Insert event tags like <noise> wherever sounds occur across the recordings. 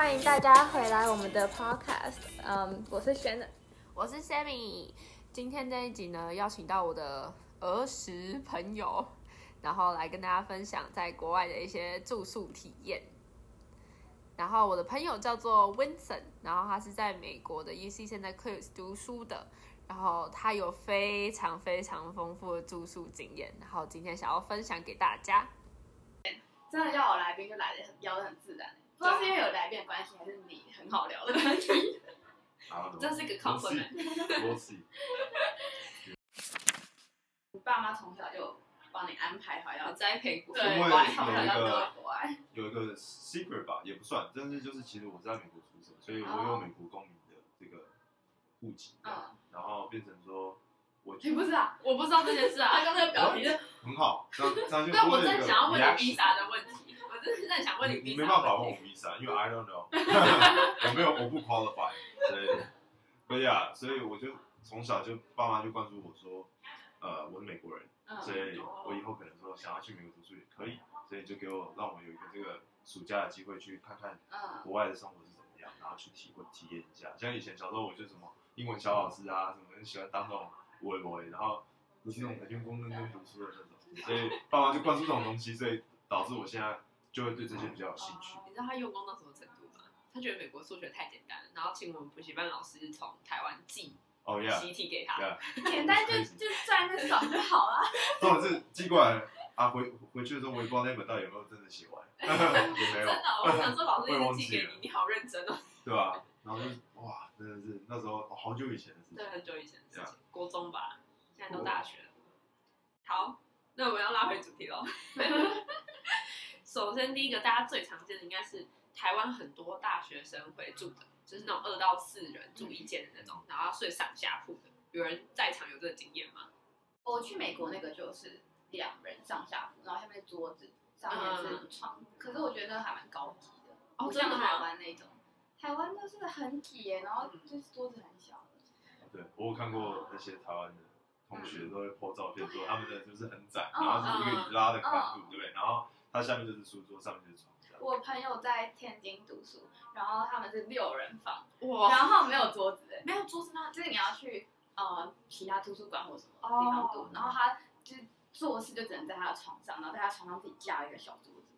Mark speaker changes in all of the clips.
Speaker 1: 歡
Speaker 2: 迎大家回來我們的 podcast，嗯、um,，我是 Shannon，我是 Sammy，今天這一集呢，邀請到我的兒時朋友，然後來跟大家分享在國外的一些住宿體驗。然後我的朋友叫做 Winson，然後他是在美國的 UC Santa Cruz 讀書的，然後他有非常非常豐富的住宿經驗，然後今天想要分享給大家。真的要我
Speaker 1: 來賓就來的很標，要得很自然。不知道是因為有來賓關係，還是你很好聊的關係，uh -huh.
Speaker 3: 這是個 compliment。
Speaker 1: 你、we'll we'll yeah. 爸媽從小就幫你安排好，然後栽培國外，對，從小要留
Speaker 3: 在國外。有一個，個 secret 吧，也不算，但是就是其實我在美國出生，所以我有美國公民的這個戶籍啊、oh.，然後變成說，oh. 我你、欸、不
Speaker 1: 是、啊，
Speaker 2: 我不知道這
Speaker 3: 件事啊，剛 <laughs> 才表情 <laughs> 很好，但我真想要問你一
Speaker 2: 下的問題。我真是在想問你，你沒
Speaker 3: 辦法問我 v 意思啊，因為 I don't know， <laughs> <laughs> 我沒有，我不 qualify，所以，對呀，所以我就從小就爸媽就灌輸我說，呃，我是美國人、嗯，所以我以後可能說想要去美國讀書也可以，所以就給我讓我有一個這個暑假的機會去看看國外的生活是怎麼樣，然後去體會體驗一下。像以前小時候我就什麼英文小老師啊，嗯、什麼人喜歡當那種 boy。然後不是那種每天工工整整讀書的那種，所以爸媽就灌輸這種東西，所以導致我現在。就會對這些比較有興趣、嗯
Speaker 2: 嗯哦。你知道他用功到什麼程度嗎？他覺得美國數學太簡單了，然後請我們補習班老師從台灣寄
Speaker 3: 習題、哦、給他。哦、
Speaker 1: <laughs> 簡單就就賺的少就好了。
Speaker 3: 都、嗯嗯 <laughs> <laughs> 哦、是寄過來啊，回回去的時候我也不知道那本到底有沒有真的寫完， <laughs> 真的，我想說老師已經寄給你、啊，你
Speaker 2: 好認真哦。
Speaker 3: 對吧、啊？然後就是、哇，真的是那時候好久以前的事情。對，
Speaker 2: 很久以前。的事情。國中吧，現在都大學了。好，那我們要拉回主題嘍。首先，第一個大家最常見的應該是台灣很多大學生會住的、嗯，就是那種二到四人住一間的那種、嗯，然後睡上下鋪的。有人在場有這個經驗嗎？
Speaker 1: 我去美國那個就是兩人上下鋪，然後下面桌子上上，上面是床。可是我覺得還蠻高級的，哦，這樣的台灣那種，台灣就是很擠然後就是桌子很小、嗯。
Speaker 3: 對，我看過那些台灣的同學都會拍照片說，說、嗯、他們的就是很窄，嗯、然後是一拉的寬度、嗯，對，然後。他下面就是書桌，上面就是
Speaker 1: 床。我朋友在天津讀書，然後他們是六人房，哇，然後沒有桌子，沒有桌子，那就是你要去呃其他圖書館或什麼地方讀、哦。然後他就做事就只能在他的床上，然後在他床上自己架一個小桌子。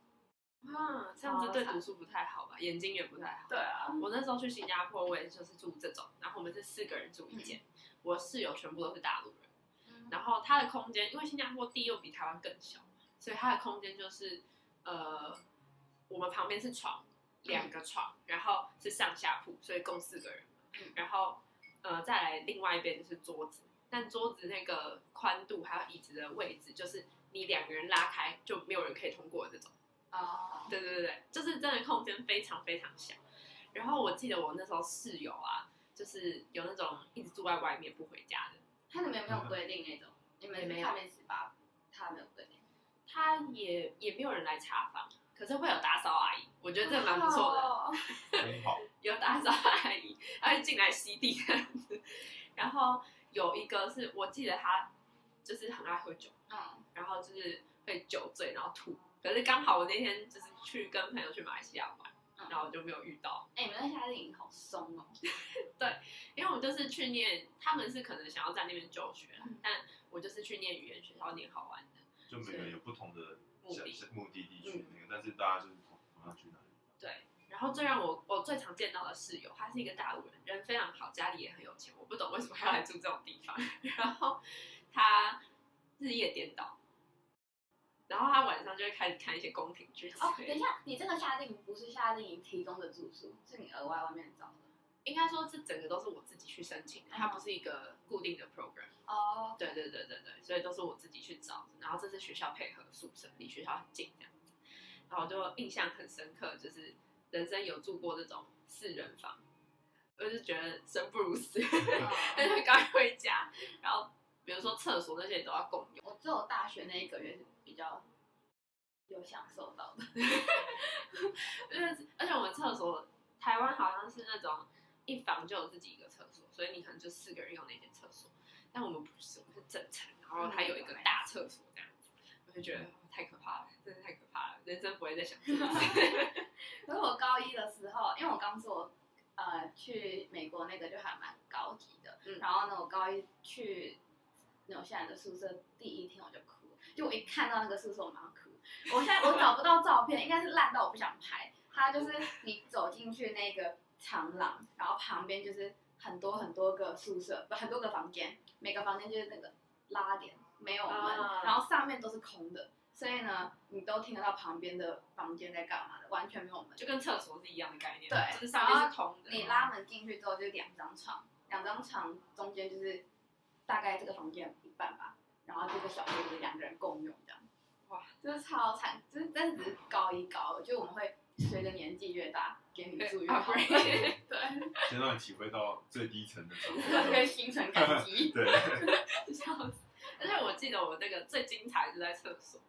Speaker 2: 啊、嗯，這樣子對讀
Speaker 1: 書不太好吧，
Speaker 2: 啊、眼睛也不太好。對啊，嗯、我那時候去新加坡，我也就是住這種，然後我們是四個人住一間、嗯，我室友全部都是大陸人、嗯，然後他的空間，因為新加坡地又比台灣更小。所以它的空間就是，呃，我們旁邊是床，兩個床，然後是上下鋪，所以共四個人。然後，呃，再來另外一邊就是桌子，但桌子那個寬度還有椅子的位置，就是你兩個人拉開就沒有人可以通過的這種。哦、
Speaker 1: oh。對
Speaker 2: 對對，就是真的空間非常非常小。然後我記得我那時候室友啊，就是有那種一直住在外面不回家的。
Speaker 1: 他那邊沒有規定那種，你們沒有？他沒有規定。
Speaker 2: 他也也沒有人來查房，可是會有打掃阿姨，我覺得這蠻不錯的，很好。 <laughs> 有打掃阿姨，他會進來吸地這樣子。然後有一個是我記得他就是很愛喝酒，嗯，然後就是會酒醉，然後吐。可是剛好我那天就是去跟朋友去馬來西亞玩，嗯、然後我就沒有遇到。哎、欸，你們
Speaker 1: 那夏令營好鬆哦。
Speaker 2: <laughs> 對，因為我們就是去念，他們是可能想要在那邊就學，但我就是去念語言學校，然後念好玩的。
Speaker 3: 就每個人有不同的是目的、目的地去那個、嗯，但是大家就
Speaker 2: 是同，同樣去哪裡。對，然後最讓我我最常見到的室友，他是一個大陸人，人非常好，家裡也很有錢，我不懂為什麼要來住這種地方。然後
Speaker 1: 他日夜顛倒，
Speaker 2: 然後他晚上就會開始看一些宮廷劇。哦，等一下，你這個
Speaker 1: 夏令營不是夏令營提供的住宿，是你額外外面找的？應該說，這整個都是我自己去申請的，它不是一
Speaker 2: 個固定的 program。哦、oh.，對對對對對，所以都是我自己去找的，然後這是學校配合宿舍，離學校很近這樣，然後我就印象很深刻，就是人生有住過這種四人房，我就覺得生不如死，那、oh. 就
Speaker 1: 剛一回家。然後比如說廁所那些都要共用，我只有大學那一個月是比較有享受到的，因 <laughs> 為、就是、而且我們
Speaker 2: 廁所台灣好像是那種一房就有自己一個廁所，所以你可能就四個人用那間廁所。但我們不是，我們是整層，然後它有一個大廁所這樣子，嗯，我就
Speaker 1: 覺得太可怕了，真是太可怕
Speaker 2: 了，人生不會再想
Speaker 1: 這個。 <laughs> <laughs> 可是我高一的時候，因為我剛說，呃，去美國那個就還蠻高級的，嗯，然後呢，我高一去，那我現在的宿舍第一天我就哭，就我一看到那個宿舍我馬上哭，我現在我找不到照片， <laughs> 應該是爛到我不想拍。它就是你走進去那個長廊，然後旁邊就是。很多很多個宿舍，不，很多個房間，每個房間就是那個拉簾沒有門，uh, 然後上面都是空的，所以呢，你都聽得到旁邊的房間在幹嘛的，完全沒有門，就跟廁所是一樣的概念。對，就是上面是空的。你拉門進去之後，就兩張床，兩張床中間就是大概這個房間一半吧，然後這個小桌子兩個人共用這樣。哇，這、就是超慘，真、就是只是高一高，就我們會隨着年紀越大。給你住越好，對，啊、great,
Speaker 3: 先讓你體會到最低層的住。對，心存感激。對，就這
Speaker 2: 樣子。而且我記得我那個最精彩就在廁所，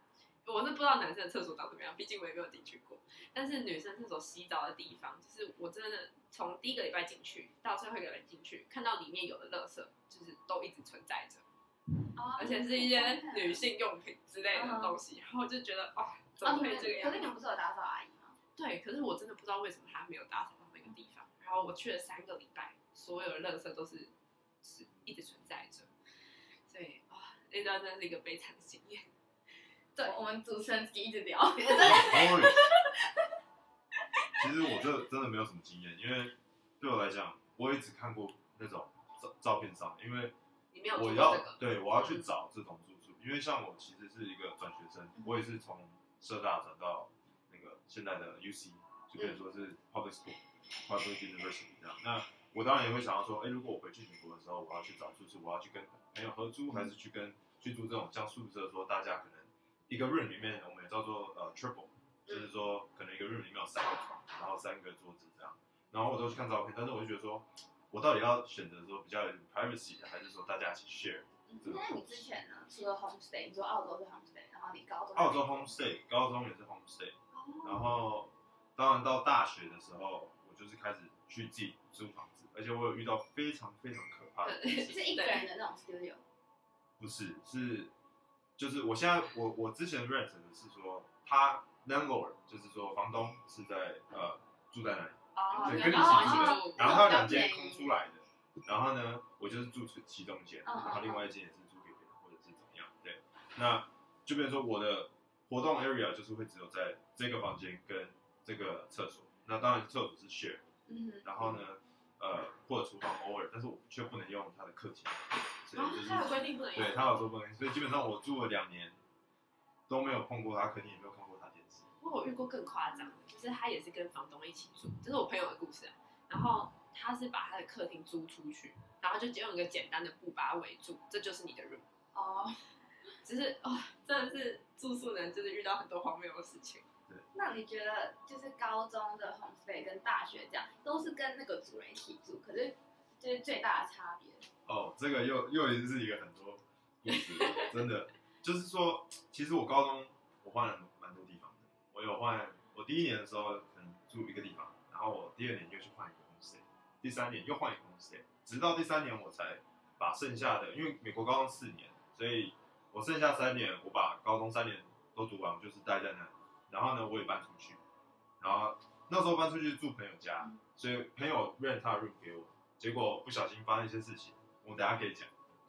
Speaker 2: 我是不知道男生的廁所長怎麼樣，畢竟我也沒有進去過。但是女生廁所洗澡的地方，就是我真的從第一個禮拜進去到最後一個人進去，看到裡面有的垃圾，就是都一直存在着
Speaker 1: ，oh, 而且是一些女性
Speaker 2: 用品之類的東西，oh, 嗯、然後就覺得哦，怎麼會這個樣子？可是你們不是有打掃阿姨？對，可是我真的不知道為什麼他沒有打掃到那個地方、嗯。然後我去了三個禮拜，所有的垃圾都是是一直存在着，所以啊，那、哦、段真的是一個悲慘的經驗。
Speaker 1: 對我，我們主持人一直聊，
Speaker 3: <laughs> 其實我這真的沒有什麼經驗，因為對我來講，我也只看過那種照照片上，因為我要你、這個、對我要去找這種住宿、嗯，因為像我其實是一個轉學生，我也是從社大轉到。現在的 U C 就等於說是 public school，public、嗯、university 這樣。那我當然也會想要說，哎、欸，如果我回去美國的時候，我要去找，住宿，我要去跟朋友合租，嗯、還是去跟去住這種像宿舍說，大家可能一個 room 裡面我們也叫做呃 triple，就是說、嗯、可能一個 room 裡面有三個床，然後三個桌子這樣。然後我都去看照片，但是我就覺得說，我到底要選擇說比較有 privacy，還是說大家一起 share？那你之前呢？除了
Speaker 1: homestay，你
Speaker 3: 說澳洲是 homestay，然後你高中澳洲 homestay，高中也是 homestay。Oh. 然後，當然到大學的時候，我就是開始去自己租房子，而且我有遇到非常非常可怕的是一個人的那種 studio。 <laughs> 對 <laughs> 不是，是就是我現在我我之前認識的是說他 landlord 就是說房東是在呃住在那裡，就，oh, 跟你一起住的，oh, 然後他有兩間空出來的，oh, 然後呢，yeah. 我就是住其中一間，oh, 然後另外一間也是租給別人，oh. 或者是怎麼樣，對，那就比如說我的。活動 area 就是會只有在這個房間跟這個廁所，那當然廁所是 share，嗯、然後呢，呃，或者廚房偶爾，但是我卻不能用他的客廳，哦、就是啊，他有規定不能用，對，他有說不能用。所以基本上我住了兩年都沒有碰過他客廳，也沒有碰過他電，電視。不
Speaker 2: 過我遇過更誇張，其實就是他也是跟房東一起住，這是我朋友的故事啊，然後他是把他的客廳租出去，然後就用一個簡單的布把它圍住，這就是你的 room，
Speaker 1: 哦。只是哦，真的是
Speaker 2: 住宿的人，就是遇到很多荒謬的事情。對。
Speaker 1: 那你覺得就是高中的 homestay 跟大學這樣，都是跟那個主人一起住，可是就是最大的差別。
Speaker 3: 哦，這個又又是一個很多故事， <laughs> 真的，就是說，其實我高中我換了蠻多地方的，我有換，我第一年的時候可能住一個地方，然後我第二年又去換一個 homestay。第三年又換一個 homestay。直到第三年我才把剩下的，因為美國高中四年，所以。我剩下三年，我把高中三年都讀完，就是待在那裡。然後呢，我也搬出去，然後那時候搬出去住朋友家、嗯，所以朋友 rent 他的 room 給我，結果不小心發生一些事情，我等下可以講，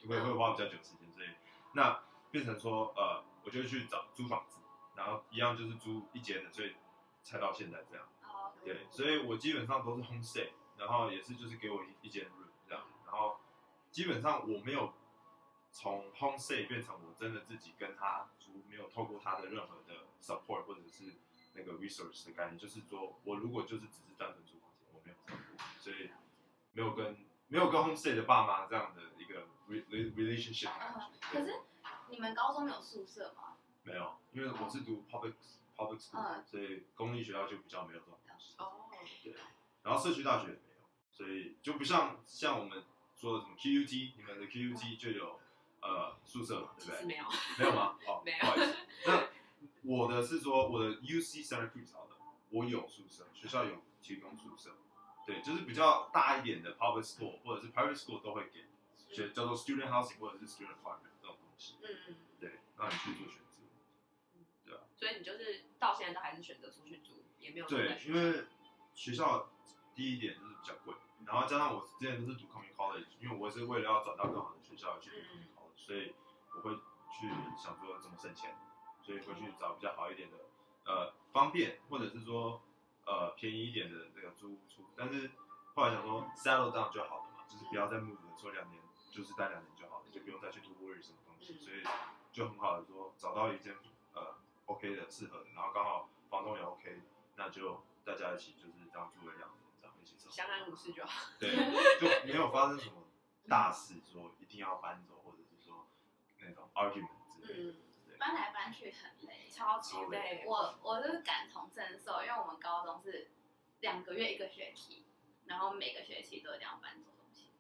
Speaker 3: 我、嗯、也會、會花比較久的時間，所以、嗯、那變成說呃，我就去找租房子，然後一樣就是租一間的，所以才到現在這樣、嗯，對，所以我基本上都是 home stay，然後也是就是給我一一間 room 這樣，然後基本上我沒有。從 home stay 變成我真的自己跟他租，沒有透過他的任何的 support 或者是那個 research 的概念，就是說我如果就是只是單純租房間，我沒有，所以沒有跟沒有跟 home stay 的爸媽這樣的一個 re re relationship、嗯、可是你們高中沒有宿舍嗎？沒有，因為我是讀 public public 學校、嗯，所以公立學校就比較沒有這種。哦，對，然後社區大學也沒有，所以就不像像我們說的什麼 QUT，你們的 QUT 就有。呃，宿舍嘛，對
Speaker 2: 不對？沒有，沒有嗎？好、
Speaker 3: oh, <laughs> 不好意思。那我的是說，我的 UC Santa Cruz 的，我有宿舍，學校有提供宿舍。對，就是比較大一點的 public school、嗯、或者是 private school 都會給，叫叫做 student housing 或者是 student apartment 這種東西。嗯嗯。對，讓你去做選擇、嗯。對啊。所以你就是到現在都還是選擇出去住，也沒有對，因為學校第一點就是比較貴、嗯，然後加上我之前都是讀 community college，因為我也是為了要找到更好的學校去。嗯嗯所以我會去想說怎麼省錢，所以會去找比較好一點的，呃，方便或者是說呃便宜一點的那個租處。但是後來想說 s e t t l e down 就好了嘛，就是不要再 move 了，住兩年就是待兩年就好了，就不用再去度過日什麼東西。所以就很好的說，找到一間呃 OK 的適合的，然後剛好房東也 OK，那就大家一起就是當住了兩年，這樣一起
Speaker 2: 活。相安無事就好。
Speaker 3: 對，就沒有發生什麼大事，說一定要搬走。那種 Argument，嗯，
Speaker 1: 搬來搬去很累，超級累。累我我就是感同身受，因為我們高中是兩個月一個學期，然後每個學期都一定要搬走東西。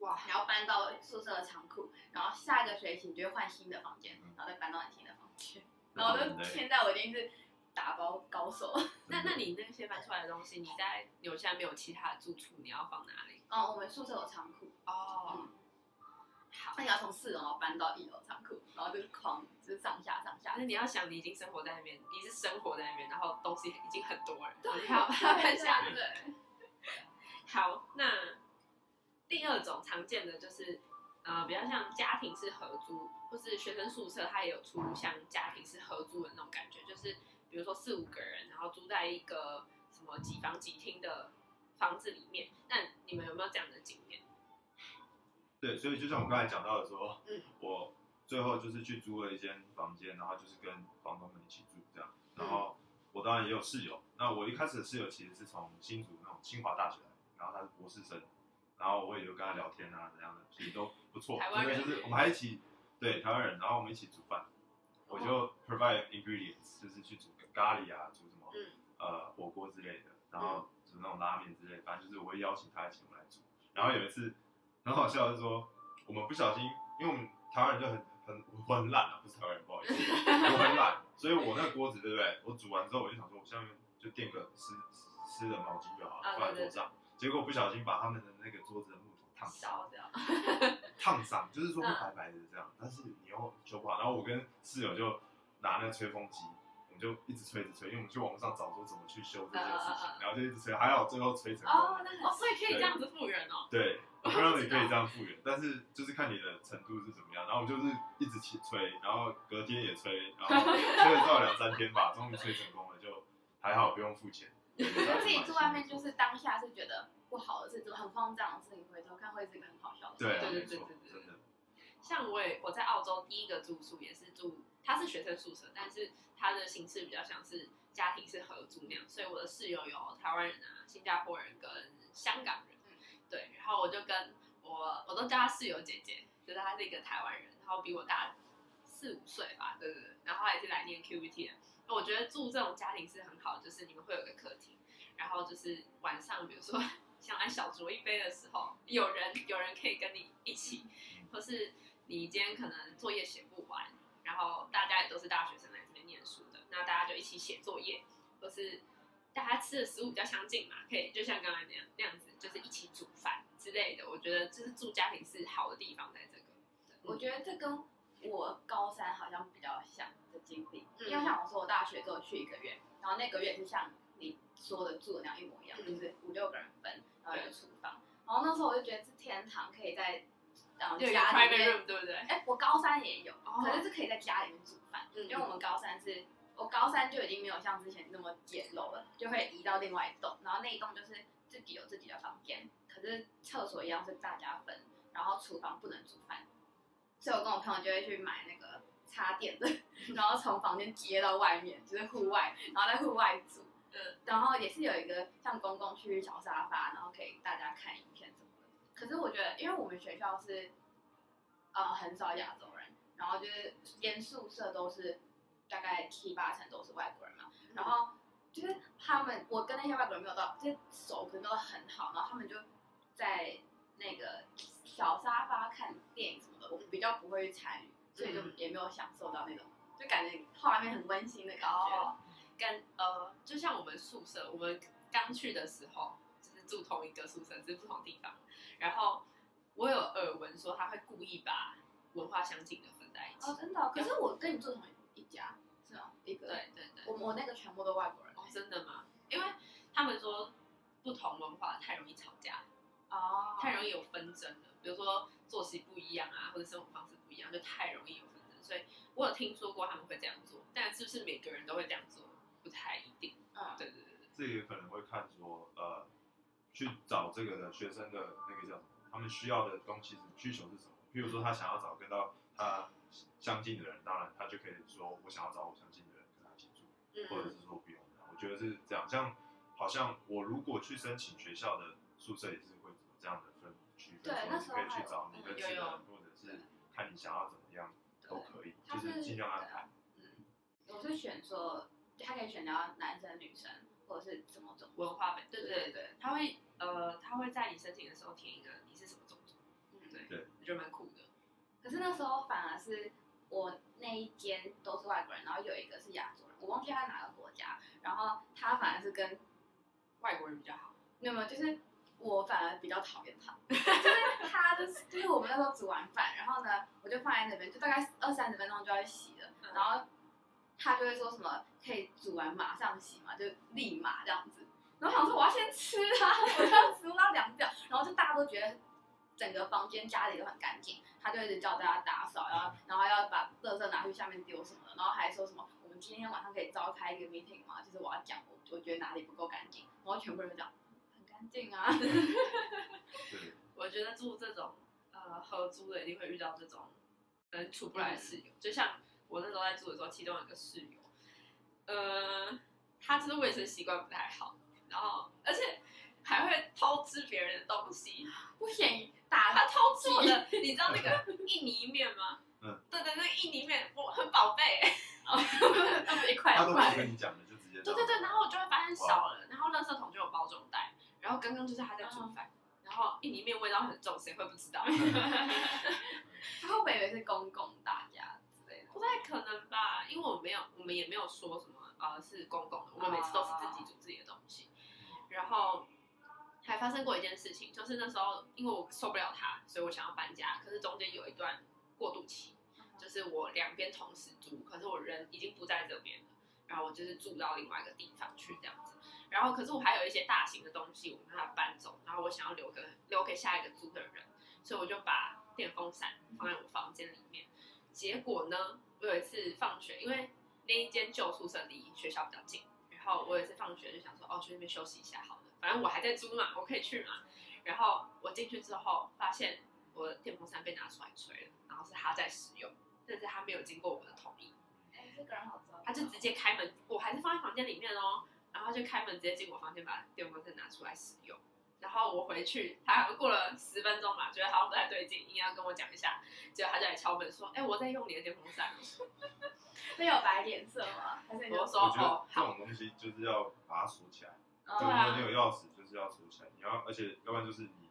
Speaker 1: 哇！你要搬到宿舍的倉庫，然後下一個學期你就換新的房間，嗯，然後再搬到你新的房間。然後就現在我已經是打包高手。那、嗯 <laughs> 嗯、 <laughs> 那你那些搬出來的東西你在，你
Speaker 2: 現在留下沒有其他的住處，你要放哪裡？
Speaker 1: 嗯、哦，我們宿舍有倉庫哦。嗯那你要從四樓搬到一樓倉庫，然
Speaker 2: 後就是扛，就是上下上下。那你要想，你已經生活在那邊，你是生活在那邊，然後東西已經很多了。對，好，然後你要把它搬下，
Speaker 1: 對，
Speaker 2: 好，那第二種常見的就是，呃，比較像家庭式合租，或是學生宿舍，它也有出像家庭式合租的那種感覺，就是比如說四五個人，然後租在一個什麼幾房幾廳的房子裡面。那你們有沒有這樣的經驗？
Speaker 3: 對，所以就像我剛才講到的時候，說、嗯、我最後就是去租了一間房間，然後就是跟房東們一起住這樣。然後我當然也有室友，那我一開始的室友其實是從新竹那種清華大學來，然後他是博士生，然後我也就跟他聊天啊怎樣的，其實都不錯，因為就是我們還一起對台灣人，然後我們一起煮飯，我就 provide ingredients，就是去煮咖喱啊，煮什麼、嗯、呃火鍋之類的，然後煮那種拉麵之類的，反正就是我會邀請他一起我來煮。然後有一次。很好笑，就是說我們不小心，因為我們台灣人就很很我很懶啊，不是台灣人不好意思， <laughs> 我很懶，所以我那個鍋子對不對？我煮完之後我就想說，我下面就墊個濕濕的毛巾就好了，放在桌上。結果不小心把他們的那個桌子的木頭燙傷，燙傷 <laughs> 就是說會白白的這樣，嗯、但是你又修不好。然後我跟室友就拿那個吹風機。就一直催一直催。因為我們去網上找說怎麼去修這件事情，呃，然後就一直催。還好最後催成
Speaker 1: 功了哦，哦，所以可以這樣子復原
Speaker 3: 哦。對，我不知道你可以這樣復原，但是就是看你的程度是怎麼樣。然後我就是一直去催，然後隔天也催。然後催了到兩三天吧，終於催成功了，就還好不用付錢。 <laughs> 自己住外面就是當下是覺得不好的，是就很慌張的，這種事情回頭看會是一個很好笑
Speaker 1: 的。對對、
Speaker 3: 啊、對對。
Speaker 1: 像我也，我在澳洲第一個住宿也是住，他是學生宿舍，但是
Speaker 2: 他的形式比較像是家庭是合租那樣，所以我的室友有台灣人啊、新加坡人跟香港人，嗯、對，然後我就跟我我都叫他室友姐姐，就是他是一個台灣人，然後比我大四五歲吧，對對對，然後他也是來念 QVT 的、啊，我覺得住這種家庭是很好，就是你們會有個客廳，然後就是晚上比如說想來小酌一杯的時候，有人有人可以跟你一起，或是。你今天可能作業寫不完，然後大家也都是大學生來這邊念書的，那大家就一起寫作業，或是大家吃的食物比較相近嘛，可以就像剛剛那樣那樣子，就是一起煮飯之類的。我覺得這是住家庭是好的地方，
Speaker 1: 在這個。我覺得這跟我高三好像比較像的經歷，嗯、因為像我說我大學之後去一個月，然後那個月就像你說的住的那樣一模一樣，嗯、就是五六個人分，然後有廚房，然後那時候我就覺得是天堂，可以在。然後就，private room 對不對？哎，我高三也有，可是是可以在家裡面煮飯，oh. 因為我們高三是我高三就已經沒有像之前那麼簡陋了，就會移到另外一棟，然後那一棟就是自己有自己的房間，可是廁所一樣是大家分，然後廚房不能煮飯，所以我跟我朋友就會去買那個插電的，然後從房間接到外面，就是戶外，然後在戶外煮，嗯，然後也是有一個像公共區域小沙發，然後可以大家看影片什麼。可是我覺得，因為我們學校是，呃，很少亞洲人，然後就是連宿舍都是大概七八成都是外國人嘛，然後就是他們，我跟那些外國人沒有到，就是熟可能都很好，然後他們就在那個小沙發看電影什麼的，我比較不會去參與，所以就也沒有享受到那種，就感覺畫面很溫馨的感覺。哦，跟呃，就像我們宿舍，我們剛去的時候
Speaker 2: 就是住同一個宿舍，只是不同地方。然後我有耳聞說他會故意把文化相近的分在一起。哦，真
Speaker 1: 的，哦嗯？可是我跟你做同一家，是嗎？嗯，一個？對對對。我我那個全部都外國
Speaker 2: 人，嗯哦。真的嗎？因為他們說不同文化太容易吵架，
Speaker 1: 哦，太容易
Speaker 2: 有紛爭了。比如說作息不一樣啊，或者生活方式不一樣，就太容易有紛爭。所以我有聽說過他們會這樣做，但是不是每個人都會這樣做，不太一定。啊，嗯，對，對
Speaker 3: 對對。自己可能會看說，呃。去找這個的學生的那個叫什麼？他們需要的東西是需求是什麼？比如說他想要找跟到他相近的人，當然他就可以說：“我想要找我相近的人跟他一
Speaker 1: 起住。”嗯，或者是
Speaker 3: 說別的，我覺得是這樣。像好像我如果去申請學校的宿舍，也是會這樣的分區分層，說可以
Speaker 1: 去找你的資源、嗯，或者是看你想
Speaker 3: 要怎麼樣都可以，是就是盡量安排。嗯，我是選說他可以選到男生、女生，或者是怎麼種文化背景？對
Speaker 1: 對對，他會。呃，他會在你申請的時候填一個你是什麼種族，嗯，對，對，我覺得蠻酷的。可是那時候反而是我那一間都是外國人，然後有一個是亞洲人，我忘記他哪個國家，然後他反而是跟外國人比較好，嗯、那麼就是我反而比較討厭他，就是他的、就是， <laughs> 就是我們那時候煮完飯，然後呢我就放在那邊，就大概二三十分鐘就要去洗了、嗯，然後他就會說什麼可以煮完馬上洗嘛，就立馬這樣子。然後想說我要先吃啊，我要先把它兩個，然後就大家都覺得整個房間家裡都很乾淨，他就一直叫大家打掃，然後然後要把垃圾拿去下面丟什麼的。然後還說什麼我們今天晚上可以召開一個 meeting 嗎？就是我要講我我覺得哪裡不夠乾淨。然後全部人都講很乾淨啊 <laughs>
Speaker 2: <noise> 我覺得住這種呃合租的一定會遇到這種人處、嗯、不來的室友。就像我那時候在住的時候，其中一個室友，呃，他就是衛生習慣不太好。然後，而且還會偷吃別人的東西。我天，打他偷吃我的，你知道那個印尼面嗎？嗯，對對對，那個、印尼面我很寶貝、欸，哦、嗯，那 <laughs> 一塊,一塊。他都一跟你講
Speaker 3: 的，就直接。對對對，
Speaker 2: 然後我就會發現少了，然後垃圾桶就有包裝袋。
Speaker 1: 然後剛剛就是他在煮
Speaker 2: 飯、嗯，然後印尼面味道很重，誰會不知道？
Speaker 1: 他會不會以為是
Speaker 2: 公共大家之類的不太可能吧，因為我沒有，我們也沒有說什麼啊、呃、是公共的，我們每次都是自己煮自己的東西。啊然後還發生過一件事情，就是那時候因為我受不了他，所以我想要搬家。可是中間有一段過渡期，就是我兩邊同時住，可是我人已經不在這邊了，然後我就是住到另外一個地方去這樣子。然後可是我還有一些大型的東西，我讓他搬走，然後我想要留個留給下一個租的人，所以我就把電風扇放在我房間裡面。結果呢，我有一次放學，因為那一間舊宿舍離學校比較近。哦，我也是放學就想說，哦，去那邊休息一下好了，反正我還在租嘛，我可以去嘛。然後我進去之後，發現我的電風扇被拿出來吹了，然後是他在使用，但是他沒有經過我的同意，哎，這個人好糟，他就直接開門，哦，我還是放在房間裡面哦，然後他就開門直接進我房間，把電風扇拿出來使用。然後我回去，他好像過了十分鐘嘛，覺得好
Speaker 1: 像不
Speaker 3: 太對勁，應該要跟我講一下，結果他就來敲門說：“哎，我在用你的電風扇。 <laughs> ”沒有白臉色嗎？還是你就說好？我覺得這種東西就是要把它鎖起來，對、哦、有，沒有鑰匙就是要鎖起來。哦啊、你要而且要不然就是你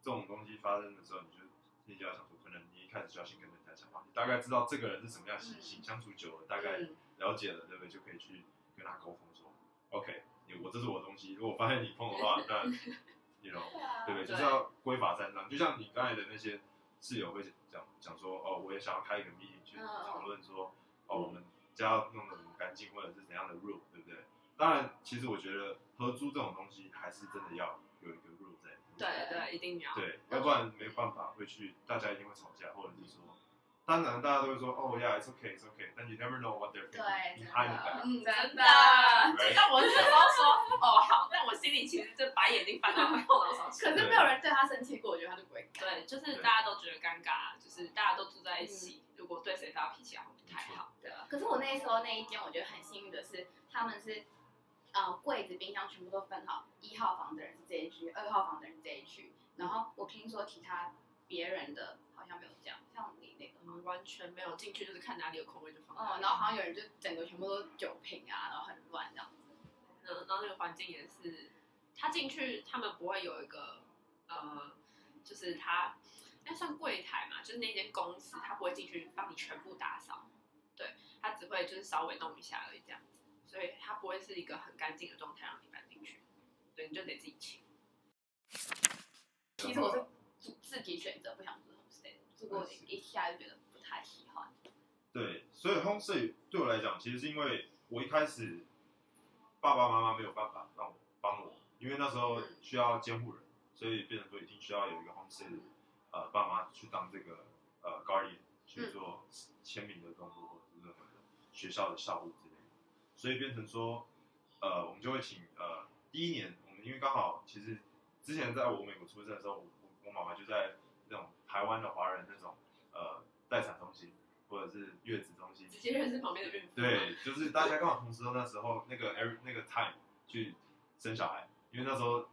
Speaker 3: 這種東西發生的時候，你就你就要想說，可能你一開始就要先跟人家講話，你大概知道這個人是什麼樣性性、嗯，相處久了大概了解了，對不對？嗯、就可以去跟他溝通說、嗯、：“OK，你我這是我的東西，如果我發現你碰的話，那。 <laughs> ”那 you know,、yeah, 對不對？就是要約法三章，就像你剛才的那些室友會講講說，哦，我也想要開一個 meeting 去討論說，uh, 哦，我們家要弄得很乾淨，或者是怎樣的 rule，對不對？當然，其實我覺得合租這種東西還是真的要有一個 rule 在裡面。Uh, 對
Speaker 2: 對，一定要。對，
Speaker 3: 要不然沒辦法會去，大家一定會吵架，或者是說。當然，大家都會說，哦、oh,，Yeah，it's okay，it's okay, but you never know
Speaker 2: what they're doing。對的，嗯，真的。但、right? 我只要說， <laughs> 哦，好，但我心裡其實就把眼睛翻到後腦勺去。 <laughs> 可是沒有人對他
Speaker 1: 生氣過，我覺得他就不會改。對，就是大家都覺得尷尬，就是大家都住在一起，嗯、如果對誰發脾氣好像不太好，對、嗯、吧？可是我那時候那一間，我覺得很幸運的是，他們是，呃，櫃子、冰箱全部都分好，一號房的人是這一區，二號房的人這一區。然後我聽說其他別人的。完全沒有進去，就是看哪裡有空位就放。哦，然後好像有人就整個全部
Speaker 2: 都酒瓶啊，然後很亂這樣子。嗯，然後那個環境也是，他進去他們不會有一個，呃，就是他應該算櫃檯嘛，就是那間公司他不會進去幫你全部打掃，對，他只會就是稍微弄一下而已這樣子，所以他不會是一個很乾淨的狀態讓你搬進去，對，你就得自己清。嗯，
Speaker 1: 其實我是自己選擇不想做這種事的，結果一下就覺得。太喜
Speaker 3: 歡。對，所以 homestay 對我來講，其實是因為我一開始爸爸媽媽沒有辦法讓我幫我，因為那時候需要監護人，所以變成說一定需要有一個 homestay，呃，爸媽去當這個呃 guardian 去做簽名的動作，嗯、或者是任何的學校的校務之類的，所以變成說呃我們就會請呃第一年我們因為剛好其實之前在我美國出生的時候，我我媽媽就在那種台灣的華人那種呃。待產中心，或者是月子中心，直接認
Speaker 2: 識旁邊的孕婦 <laughs> 對，
Speaker 3: 就是大家剛好同時那時候那個 e v 那個 time 去生小孩，因為那時候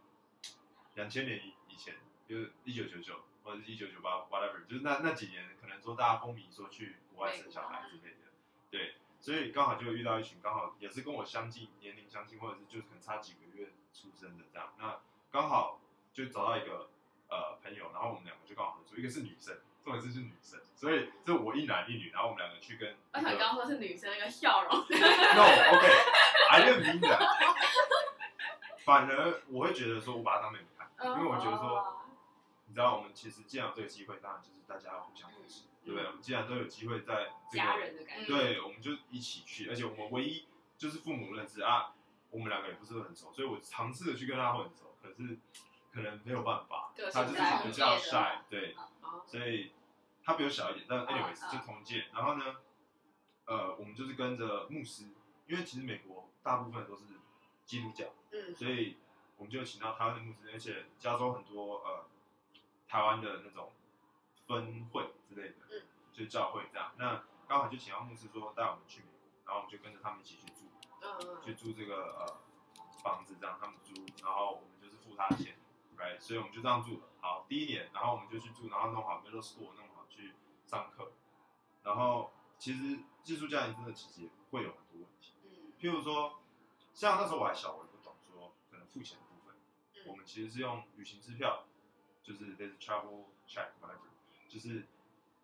Speaker 3: 兩千年以前就是一九九九或者一九九八 whatever，就是那那幾年可能說大家風靡說去國外生小孩之類的， <laughs> 對，所以剛好就遇到一群剛好也是跟我相近年齡相近或者是就是可能差幾個月出生的這樣，那剛好就找到一個呃朋友，然後我們兩個就剛好合租，一個是女生。因為這是女生，所以這我一男一女，然後我們兩個去跟。而且你剛剛說是女生那個笑容。No，OK，I didn't mean that. 反而我會覺得說，我把她當妹妹看，oh. 因為我覺得說，你知道我們其實既然有這個機會，當然就是大家要互相認識，對不對？Mm. 我們既然都有機會在這個家人的感覺對，我們就一起去。而且我們唯一就是父母認識啊，我們兩個也不是很熟，所以我嘗試的去跟他混熟，可是。可能沒有辦法，他就是比較曬、啊，對，哦、所以他比我小一點。但 anyways，就同屆、哦。然後呢，呃，我們就是跟着牧師，因為其實美國大部分都是基督教，嗯，所以我們就請到台灣的牧師，而且加州很多呃台灣的那種分會之類的，嗯，就是、教會這樣。那剛好就請到牧師說帶我們去美國，然後我們就跟着他們一起去住，嗯，去住這個呃房子這樣，他們租，然後我們就是付他的錢。Right, 所以我們就這樣住好第一年，然後我們就去住，然後弄好，middle school 弄好去上課。然後其實寄宿家庭真的其實也會有很多問題，譬如說，像那時候我還小，我不懂說可能付錢的部分，mm -hmm. 我們其實是用旅行支票，就是 there's travel check，我來講，mm -hmm. 就是 mm -hmm. 就是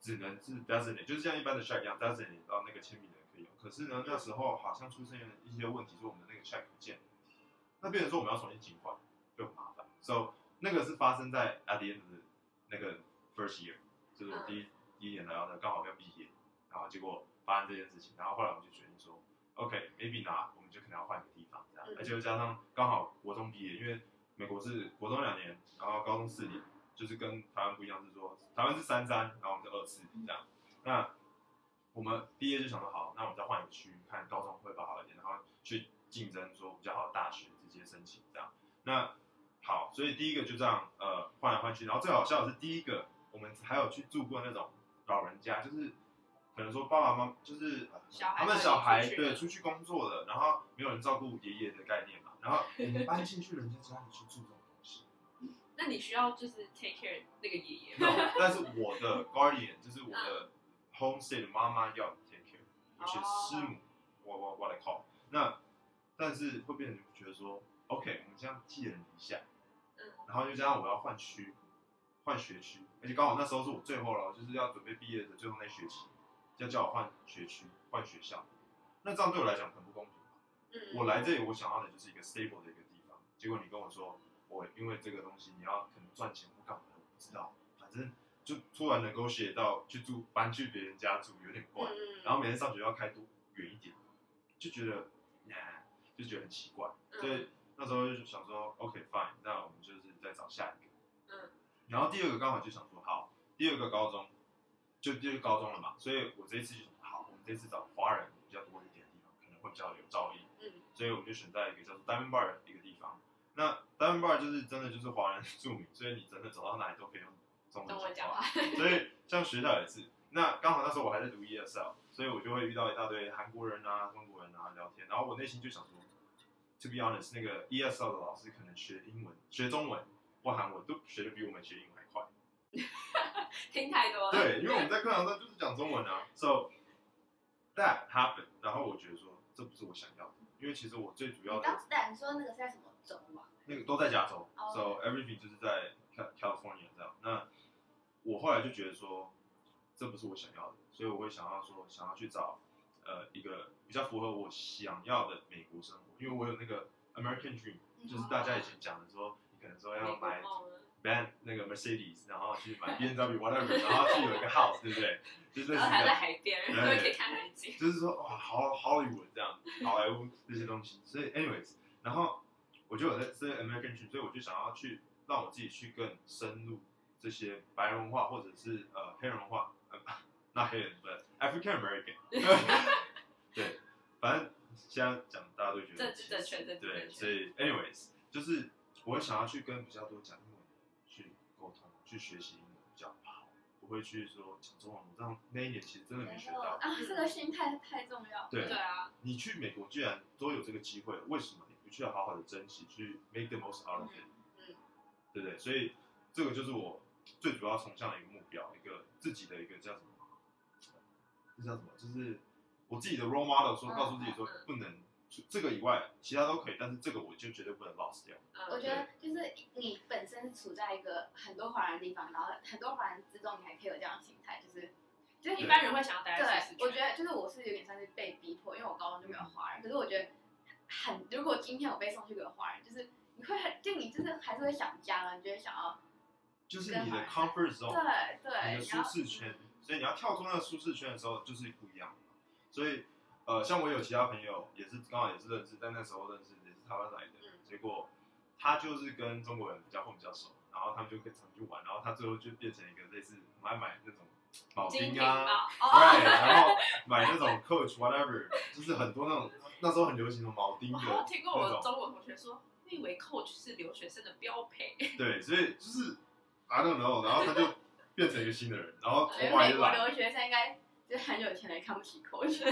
Speaker 3: 只能是 doesn't，就是像一般的 check 一樣 doesn't，到那個簽名的人可以用。可是呢，mm -hmm. 那時候好像出現一些問題，就我們的那個 check 不見，那變成說我們要重新計劃就很麻煩，so。那個是發生在 Adrian's 那個 first year，就是我第一、uh. 第一年來到的，剛好要畢業，然後結果發生這件事情，然後後來我們就決定說，OK maybe not。我們就可能要換個地方這樣，而且又加上剛好國中畢業，因為美國是國中兩年，然後高中四年，就是跟台灣不一樣，是說台灣是三三，然後我們是二四這樣。嗯、那我們畢業就想說好，那我們再換一個區，看高中會不會好一點，然後去競爭說比較好的大學直接申請這樣。那好，所以第一個就這樣呃換來換去，然後最好笑的是第一個我們還有去住過那種老人家，就是可能說爸爸媽媽就是小孩他們小孩對出去工作了，然後沒有人照顧爺爺的概念嘛，然後、欸、你搬進去人家家裡去住這種東西，
Speaker 2: <laughs> 那你需要就是 take
Speaker 3: care 那個爺爺，沒、no, 但是我的 guardian 就是我的 homestay 的媽媽要 take care，而且師母，oh. 我我我來 call，那但是會變成覺得說 OK，我們這樣寄人籬下。然後就這樣，我要換區，換學區，而且剛好那時候是我最後了，就是要準備畢業的最後那學期，要叫我換學區、換學校，
Speaker 1: 那這樣對我來講很
Speaker 3: 不公平，嗯嗯。我來這裡我想要的就是一個 stable 的一個地方，結果你跟我說，我因為這個東西你要可能賺錢或幹嘛，我不知道，反正就突然能夠學到去住搬去別人家住有點怪，嗯嗯，然後每天上學要開多遠一點，就覺得、啊，就覺得很奇怪，所以那時候就想說、嗯，OK fine，那我們就是。再找下一個，嗯，然後第二個剛好就想說，好，第二個高中，就第二個高中了嘛，所以我這次就，好，我們這次找華人比較多一點的地方，可能會比較有照應，嗯，所以我們就選在一個叫做 Diamond Bar 的一個地方，那、嗯、那 Diamond Bar 就是真的就是華人著名，所以你真的走到哪裡都可以用中文講話，講話 <laughs> 所以像學校也是。那剛好那時候我還在讀 ESL，所以我就會遇到一大堆韓國人啊、中國人啊聊天，然後我內心就想說。To be honest，那個 ESL 的老師可能學英文、學中文、學韓文，都學的比我們學英文還快。
Speaker 2: <laughs> 聽太多了。對，因為我們在課
Speaker 3: 堂上就是講中文啊。So that happened，嗯，然後我覺得說這不是我想要的，因為其實我最主要的。當
Speaker 1: 時在你說那個是在什麼
Speaker 3: 州啊，欸？那個都在加州。Oh. So everything 就是在 California 這樣。那我後來就覺得說這不是我想要的，所以我會想要說想要去找。呃，一個比較符合我想要的美國生活，因為我有那個 American Dream，、嗯、就是大家以前講的說，你可能說要買 Ben 那個 Mercedes，然後去買 BMW whatever 然後去有一個 house， <laughs> 對不對？然後還在海邊，
Speaker 2: 然後可以
Speaker 3: 就是說哇、哦，好好萊塢這樣，好萊塢這些東西。所以 anyways，然後我就有這這些 American Dream，所以我就想要去讓我自己去更深入這些白人文化，或者是呃黑人文化，呃，那黑人對。African American， <laughs> 對, <laughs> 對，反正現在講大家都覺得正
Speaker 2: 確，對，
Speaker 3: 所以，anyways，、嗯、就是我想要去跟比較多講英文、嗯、去溝通、去學習英文比較好，不會去說講中文。我這樣那一年其實真的沒學到、哎、啊，這個
Speaker 1: 事情太太重要，對對啊。
Speaker 3: 你去美國居然都有這個機會，為什麼你不去好好的珍惜，去 make the most out of it？嗯，對、嗯、不對？所以這個就是我最主要從向的一個目標，一個自己的一個叫什麼？叫什麼？就是我自己的 role model，說告訴自己說、嗯嗯、不能，這個以外其他都可以，但是這個我就絕對不能 loss 掉。嗯、
Speaker 1: 我覺得就是你本身處在一個很多華人的地方，然後很多華人之中，你還可以有這樣的心態，就是就是一般人會想要待在舒適圈。對，我覺得就是我是有點像是被逼迫，因為我高中就沒有華人、嗯。可是我覺得很，如果今天我被送去給華人，就是你會很，就你就是還是會想家了，你覺得想要
Speaker 3: 就是你的 comfort zone，對對，舒適圈。所以你要跳出那個舒適圈的時候，就是不一樣的。所以，呃，像我有其他朋友，也是剛好也是認識，但那時候認識，也是台灣來的。結果他就是跟中國人比較混比較熟，然後他們就可以常去玩，然後他最後就變成一個類似，買買那種鉚釘啊，對，然後買那種 Coach whatever， <laughs> 就是很多那種 <laughs> 那時候很流行的鉚釘的。我有聽過我中
Speaker 2: 國
Speaker 3: 同學說，認為 Coach 是留學生的標配。對，所以就是 I don't know，然後他就。 <laughs> 變成一個新的人，然後我懷疑了。啊、我覺得美國留學
Speaker 1: 生應該就很有
Speaker 3: 錢的，看不起口音。 <laughs> 對，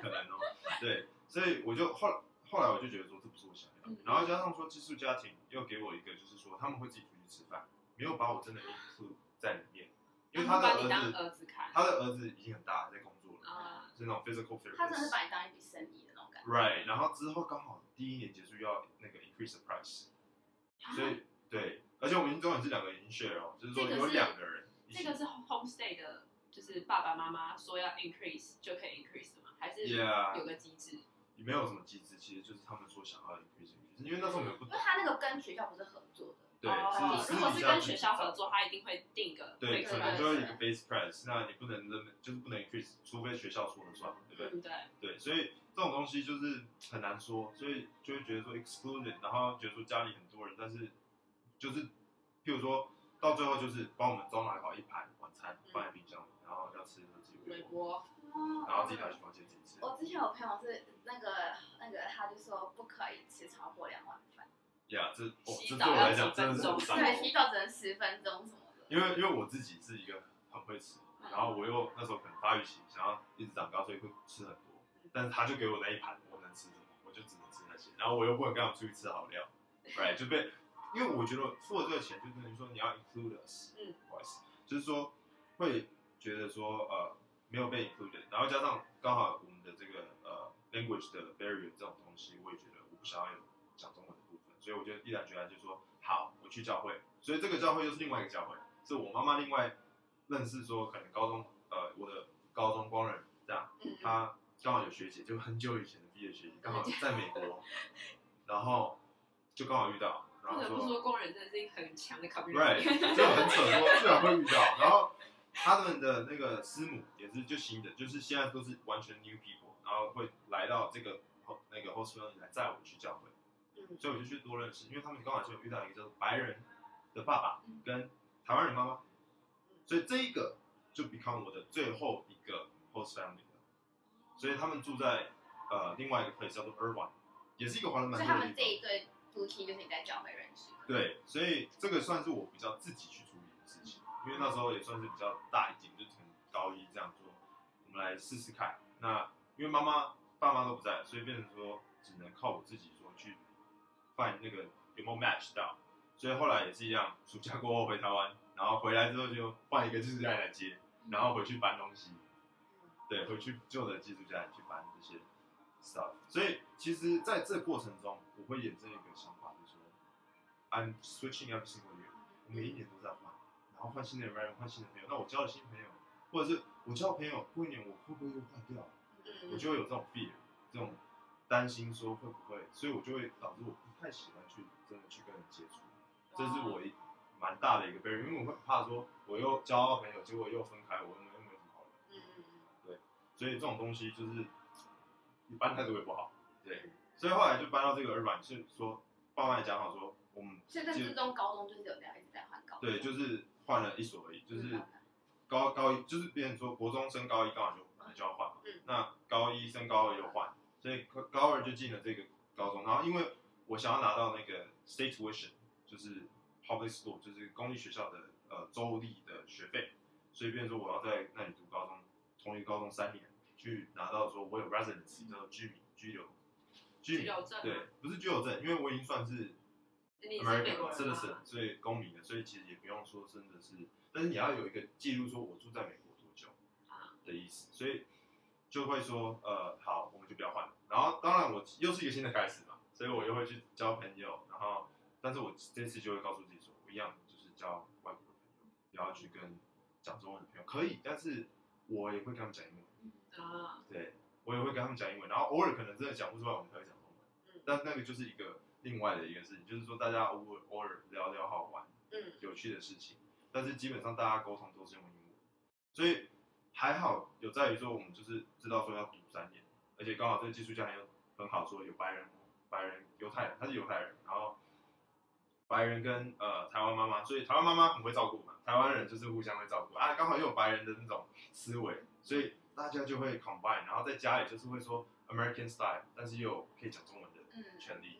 Speaker 3: 可能哦。對，所以我就後來後來我就覺得說，這不是我想要的。然後加上說，寄宿家庭又給我一個，就是說他們會自己出去吃飯，沒有把我真的融入在裡面。因為他的兒子，他把你當兒子看，他的兒子已經很大，在工作了。啊。就那種 physical therapy。他真的是把
Speaker 2: 你當一筆生意的那種
Speaker 3: 感覺。r、Right, 然後之後剛好第一年結束又要那個 increase the price，、啊、所以對。而且我們中也是兩個人 share 哦，就是說是有兩個人。這、那
Speaker 2: 個是 homestay 的，就是爸爸媽媽說要 increase 就可以 increase 嗎？還是有個機制？
Speaker 3: 你、yeah. 沒有什麼機制，其實就是他們說想要 increase 因為那時候我們不懂，因為他那個跟學校不
Speaker 2: 是合作的。
Speaker 3: 對，啊、是是如果是跟學校
Speaker 2: 合作，啊、他一定會定個,個,對個。對，可能就是一個
Speaker 3: base price，那你不能那就是不能 increase，除非學校說了算，對不對,對？對，所以這種東西就是很難說，所以就會覺得說 exclude、嗯、d 然後覺得說家裡很多人，但是。就是，譬如說到最後，就是幫我們裝來好一盤晚餐放在冰箱裡，嗯、然後要吃就機會。然後自己再去逛街吃。我之前有
Speaker 1: 朋友是那個那個，那個、他就說不可以吃超過兩
Speaker 3: 碗飯。呀、yeah, 喔，這對我來講真的是，洗澡要幾分鐘？對，洗
Speaker 1: 澡只能十分鐘什
Speaker 3: 麼的。因為因為我自己是一個很會吃，然後我又那時候可能發育期想要一直長高，所以會吃很多。但是他就給我那一盤，我能吃什麼？我就只能吃那些。然後我又不能跟我們出去吃好料對，right 就被。 <laughs> 因為我覺得付了這個錢，就等於說你要 include us，嗯，不好意思就是說會覺得說呃沒有被 include 然後加上剛好我們的這個呃 language 的 barrier 這種東西，我也覺得我不想要有講中文的部分，所以我就毅然決然就說好，我去教會，所以這個教會又是另外一個教會，是我媽媽另外認識說可能高中呃我的高中光人這樣，她剛好有學姐，就很久以前的畢業學姐剛好在美國， <laughs> 然後就剛好遇到。
Speaker 2: 不得不說，工人真的是一很強的 copy 能力，就、right，很扯說，居 <laughs> 然會遇到。
Speaker 3: 然後他們的那個師母也是就新的，就是現在都是完全 new people，然後會來到這個那個 host family 來載我去教會、嗯，所以我就去多認識。因為他們剛好就遇到一個叫做白人的爸爸跟台灣人媽媽，所以這一個就 become 我的最後一個 host family 了。所以他們住在呃另外一個 place 叫做 Erwan，也是一個華人蠻多的地方。所以他們
Speaker 1: 這一對。
Speaker 3: 初期就是你在找會人，識，對，所以這個算是我比較自己去處理的事情、嗯，因為那時候也算是比較大一點，就從高一這樣做，我們來試試看。那因為媽媽、爸媽都不在，所以變成說只能靠我自己說去 find 那個，也 more match 到，所以後來也是一樣，暑假過後回台灣，然後回來之後就換一個寄宿家庭來接，然後回去搬東西，嗯、對，回去舊的寄宿家裡去搬這些。Stuff. 所以，其實，在這過程中，我會驗證一個想法，就是說 I'm switching up my friends，每一年都在換，然後換新的朋友，換新的朋友。那我交了新朋友，或者是我交朋友，過一年我會不會又換掉？
Speaker 2: 我就會有這
Speaker 3: 種 fear，這種擔心說會不會，所以我就會導致我不太喜歡去真的去跟人接觸。這是我一蠻大的一個 barrier，因為我會怕說我又交了朋友，結果又分開，我又沒又沒有什麼好的。對，所以這種東西就是。搬太多也不好，對，所以後來就搬到這個耳軟，是說爸媽也講好說我們現在初中
Speaker 1: 高中
Speaker 3: 就是有這樣一直在換高中，對，就是換了一所而已，就是高高一就是別人說國中升高一剛好就就要換，嗯，那高一升高二又換，嗯，換，所以高二就進了這個高中，然後因為我想要拿到那個 state tuition，就是 public school，就是公立學校的呃州立的學費，所以變成說我要在那裡讀高中，同一個高中三年。去拿到說，我有 residence，叫做居民居留，居民居留證，對，不是居留證，因為我已經算是
Speaker 2: American citizen，
Speaker 3: 所以公民了，所以其實也不用說真的是，但是你要有一個記錄，說我住在美國多久啊的意思，啊，所以就會說，呃，好，我們就不要換了。然後，當然我又是一個新的開始嘛，所以我又會去交朋友。然後，但是我這次就會告訴自己說，我一樣就是交外國的朋友，不要去跟講中文的朋友，可以，但是我也會跟他們講英文。嗯啊，對我也會跟他們講英文，然後偶爾可能真的講不出來，我們可以講中文。嗯。但那個就是一個另外的一個事情，就是說大家偶爾偶爾聊聊好玩，嗯，有趣的事情。但是基本上大家溝通都是用英文，所以還好有在於說我們就是知道說要讀三年，而且剛好這個寄宿家庭又很好說，說有白人、白人、猶太人，他是猶太人，然後白人跟呃台灣媽媽，所以台灣媽媽很會照顧嘛，台灣人就是互相會照顧啊，剛好又有白人的那種思維，所以。大家就會 combine，然後在家裡就是會說 American style，但是又有可以講中文的權利，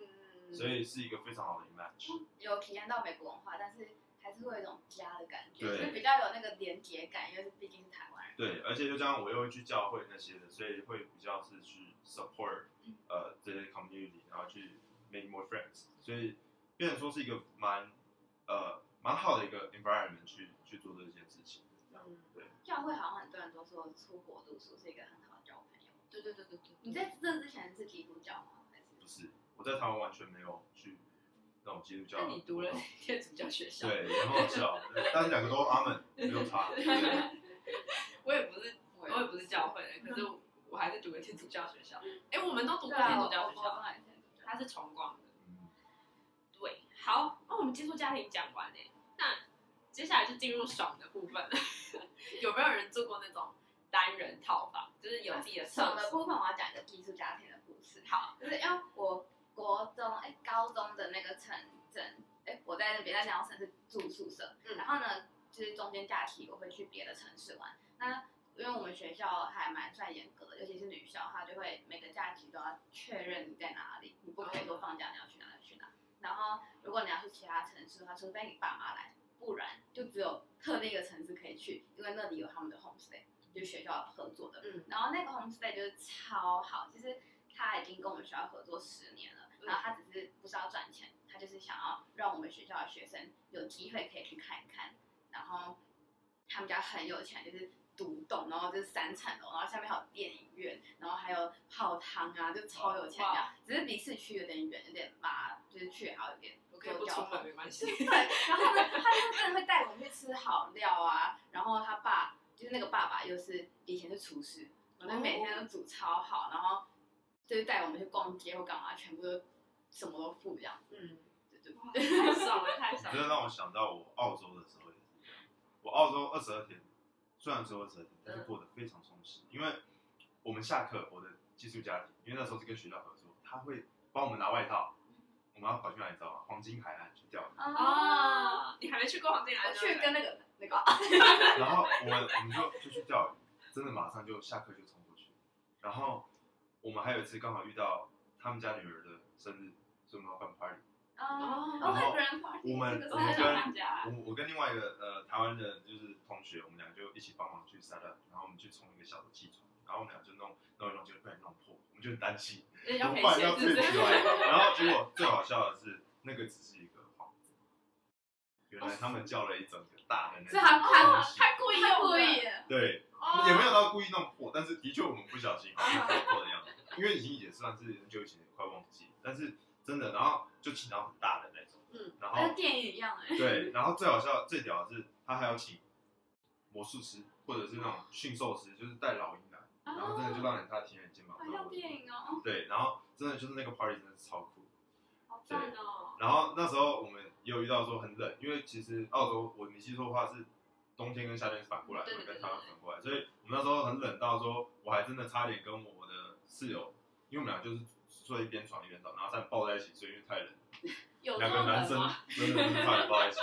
Speaker 3: 嗯，所以是一個非常好的 match，嗯。有體驗
Speaker 1: 到美國文化，但是還是
Speaker 3: 會有一種家的感覺，對，就是比較有那個連結感，因為畢竟是台灣人。對，而且就這樣，我又會去教會那些的，所以會比較是去 support，呃，這些 community，然後去 make more friends，所以變成說是一個蠻，呃，蠻好的一個 environment 去去做這些事情。嗯，
Speaker 1: 對，教會好像很多人都說出國讀書是一個很好交朋友。對對對對，你在這之前是基督教嗎？還
Speaker 3: 是？不是，我在台灣完全沒有去那種基督教。你讀了
Speaker 2: 天主教學校。 <laughs> 對，然後
Speaker 3: 是啊， <laughs> 但是兩個都阿門，沒有差。 <laughs> <laughs> <laughs> 我也不
Speaker 2: 是，我也不是教會的，可是我， <laughs> 我還是讀了天主教學校。哎、欸，我們都讀過天主教學校。啊嗯、他，讀學
Speaker 1: 校
Speaker 2: 他是崇光的，嗯。對，好，那，哦，我們寄宿家庭講完呢，欸，那。接下來就進入爽的部分了。 <laughs> 有沒有人住過那種單人套房，啊？就是有自己的。爽的部分我要
Speaker 1: 講一個寄宿家庭的故事。好，就是因為我國中哎、欸，高中的那個城鎮哎、欸，我在那邊在別的城鎮是住宿舍，嗯。然後呢，就是中間假期我會去別的城市玩。那因為我們學校還蠻算嚴格的，尤其是女校她，就會每個假期都要確認你在哪裡，你不可以說放假，okay. 你要去哪裡，去哪裡。然後如果你要去其他城市的話，除非你爸媽來。不然就只有特定一個城市可以去，因為那裡有他們的 homestay，就學校合作的。嗯，然後那個 homestay 就是超好，其實就是他已經跟我們學校合作十年了，然後他只是不是要賺錢，他就是想要讓我們學校的學生有機會可以去看一看。然後他們家很有錢，就是獨棟，然後就是三層樓，然後下面還有電影院，然後還有泡湯啊，就超有錢的。Oh, wow. 只是離市區有點遠，有點麻，就是去好一有點。對，不吃沒關係。 <laughs> 對，然後呢，他就真的會帶我們去吃好料啊。然後他爸就是那個爸爸，又是以前是廚師，反、哦、正每天都煮超好。然後就是帶我們去逛街，或幹嘛，全部都什麼都付這樣，嗯，對對，對太爽了， <laughs> 太爽了。
Speaker 3: 這讓我想到我澳洲的時候，我澳洲二十二天，雖然只有二十二天，但是過得非常充實，嗯。因為我們下課，我的寄宿家庭，因為那時候是跟學校合作，他會幫我們拿外套。我們要跑去哪裡知道嗎？黃金海岸去釣魚。哦、oh,，你
Speaker 1: 還沒去過黃
Speaker 3: 金海岸？我去跟那個那個。 <laughs> 然後我們我們就就去釣魚，真的馬上就下課就衝過去。然後我們還有一次剛好遇到他們家女兒的生日，就要辦 party。啊、
Speaker 1: oh,，然後我們,、oh、我,們我們跟
Speaker 3: 我 <laughs> 我跟另外一個呃台灣的，就是同學，我們倆就一起幫忙去 set up 然後我們去充一個小的氣球。然後我們倆就弄弄一弄，結果被人弄破，我們就很擔心，要自己來。然後結果最好笑的是，那個只是一個幌子，原來他們叫了一整個大的那種東西，這還，還，還，
Speaker 1: 太故意，太故意
Speaker 3: 對，哦、也沒有到故意弄破，但是的確我們不小心弄破的樣子。 <laughs> 因為已經也算，是，很久以前快忘記，但是真的，然後就請到很大的那種。嗯，然後電影一樣
Speaker 1: 哎、欸。對，
Speaker 3: 然後最好笑、最屌的是，他還要請魔術師或者是那種馴獸師，就是帶老鷹。然後真的就讓人家提有肩膀
Speaker 1: 好哦，哦。對，
Speaker 3: 然後真的就是那個 party 真的是超酷，好讚哦
Speaker 1: 對。
Speaker 3: 然後那時候我們又遇到說很冷，因為其實澳洲我沒記錯的話是冬天跟夏天是反過來的，跟台灣反過來，所以我們那時候很冷到說我還真的差點跟我的室友，因為我們倆就是坐一邊床一邊倒，然後在抱在一起，所以因為太冷了，有了
Speaker 1: 兩個男生真的是我們就差點抱在一起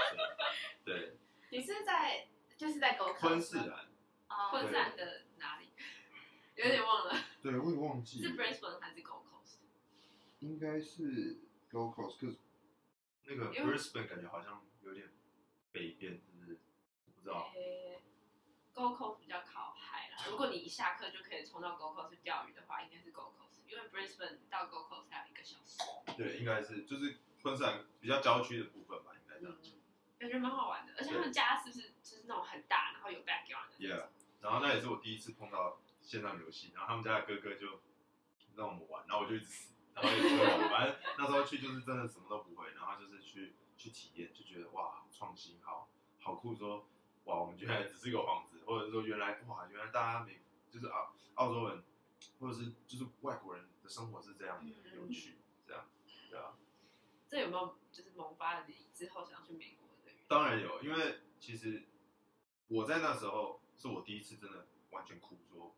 Speaker 1: 對， <laughs> 對，你是在就是在 Gold Coast，昆士蘭，昆
Speaker 3: 士蘭
Speaker 2: 的。嗯、有點忘了，對，我也忘記是 Brisbane 還是 Gold Coast？
Speaker 3: 應該是 Gold Coast，因為那個 Brisbane 感覺好像有點北邊，是不、就是？不知道。欸、Gold Coast 比較
Speaker 2: 靠海了。如果你一下課就可以衝到 Gold Coast 釣魚的話，應該是 Gold Coast，因為 Brisbane 到 Gold Coast 還有一個小時。
Speaker 3: 對，應該是就是昆士蘭比較郊區的部分吧，應該這樣。
Speaker 2: 感覺蠻好玩的，而且他們家是不是就是那種很大，然後有
Speaker 3: backyard 的。Yeah，然後那也是我第一次碰到。線上遊戲，然後他們家的哥哥就讓我們玩，然後我就一直死，然後一直玩。 <laughs> 反正那時候去就是真的什麼都不會，然後就是去去體驗，就覺得哇，創新好，好酷說！說哇，我們原來只是一個房子，或者是說原來哇，原來大家美就是澳澳洲人，或者是就是外國人的生活是這樣的，嗯、很有趣、嗯，這樣，對啊。這有沒
Speaker 2: 有就
Speaker 3: 是萌發了你之後想要去美國的？當然有，因為其實我在那時候是我第一次真的完全哭說。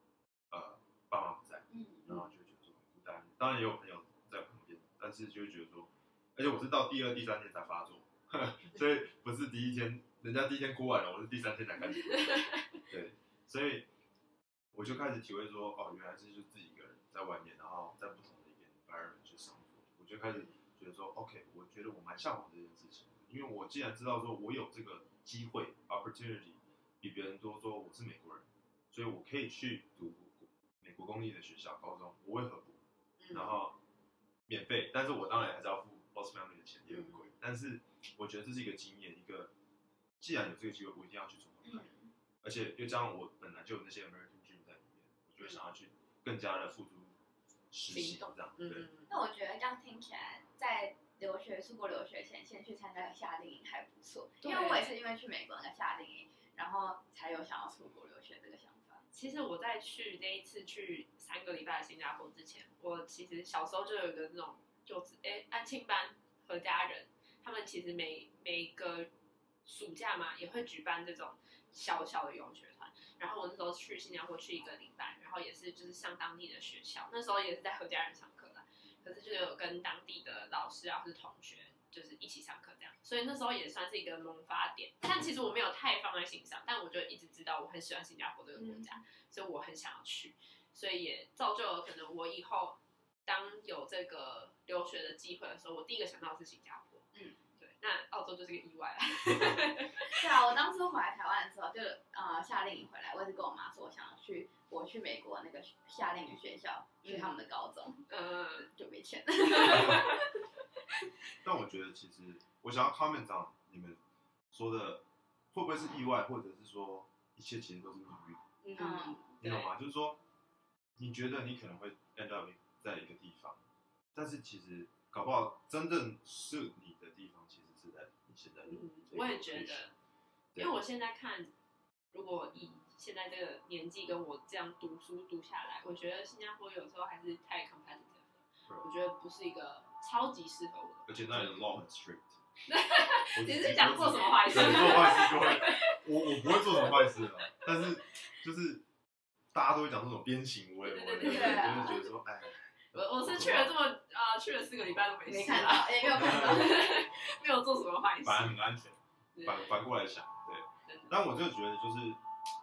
Speaker 3: 爸媽不在，嗯，
Speaker 2: 然後就覺得說
Speaker 3: 很孤單、嗯，當然也有朋友在旁邊，但是就覺得說，而、欸、且我是到第二、第三天才發作呵呵，所以不是第一天，人家第一天哭完了，我是第三天才開始哭、嗯，對，所以我就開始體會說，哦，原來是就是自己一個人在外面，然後在不同的一個 environment 去生活，我就開始覺得說、嗯、，OK，我覺得我蠻向往這件事情，因為我既然知道說我有這個機會 opportunity 比別人多，說我是美國人，所以我可以去讀。美國公立的學校高中，我為何不？然後免費，但是我當然還是要付 host family 的錢，也很貴。但是我覺得這是一個經驗，一個既然有這個機會，我一定要去做分、嗯、而且又加上我本來就有那些 American g 在裡面，嗯、我就會想要去更加的付出實習，這樣嗯嗯
Speaker 1: 對。那我覺得這樣聽起來，在留學出國留學前先去參加夏令營還不錯，因為我也是因為去美國那個夏令營，然後才有想要出國留學這個想法。
Speaker 2: 其實我在去那一次去三個禮拜的新加坡之前，我其實小時候就有一個那種就是哎安親班何嘉仁，他們其實每每個暑假嘛也會舉辦這種小小的遊學團，然後我那時候去新加坡去一個禮拜，然後也是就是上當地的學校，那時候也是在何嘉仁上課的，可是就有跟當地的老師啊是同學。就是一起上課這樣，所以那時候也算是一個萌發點，但其實我沒有太放在心上，嗯。但我就一直知道我很喜歡新加坡這個國家，嗯，所以我很想要去，所以也造就了可能我以後當有這個留學的機會的時候，我第一個想到的是新加坡。嗯，對，那澳洲就是個意外了，啊。嗯，
Speaker 1: <laughs> <laughs> 對啊，我當初回來台灣的時候，就啊、呃，夏令營回來，我一直跟我媽說，我想要去我去美國那個夏令營學校，嗯，去他們的高中，嗯，就沒錢。 <laughs> <laughs>
Speaker 3: <laughs> 但我覺得其實我想要 comment on，你們說的會不會是意外，或者是說一切其實都是命運、嗯？嗯，你懂嗎？就是說你覺得你可能會 end up in, 在一個地方，但是其實搞不好真正 suit 你的地方其實是在你現在。嗯，我也覺得，因為我現
Speaker 2: 在看，如果以現在這個年紀跟我這樣讀書讀下來，我覺得新加坡有時候還是太 competitive 了，right. 我覺得不是一個。
Speaker 3: 超級適合我的，而且那裡的 law 很 strict。
Speaker 2: 你是講做什麼壞事？你做壞事就會，
Speaker 3: <laughs> 我我不會做什麼壞事的，但是就是大家都會講這種鞭刑，我也，對對,對,對、就是、覺得說，哎、啊，我我是去了這麼啊，去
Speaker 2: 了四個禮拜都沒事的沒看到，也沒有看到， <laughs> <laughs> 沒有做什麼壞事，反正很安
Speaker 3: 全。反反過來想，對,對,對,對,對，但我就覺得就是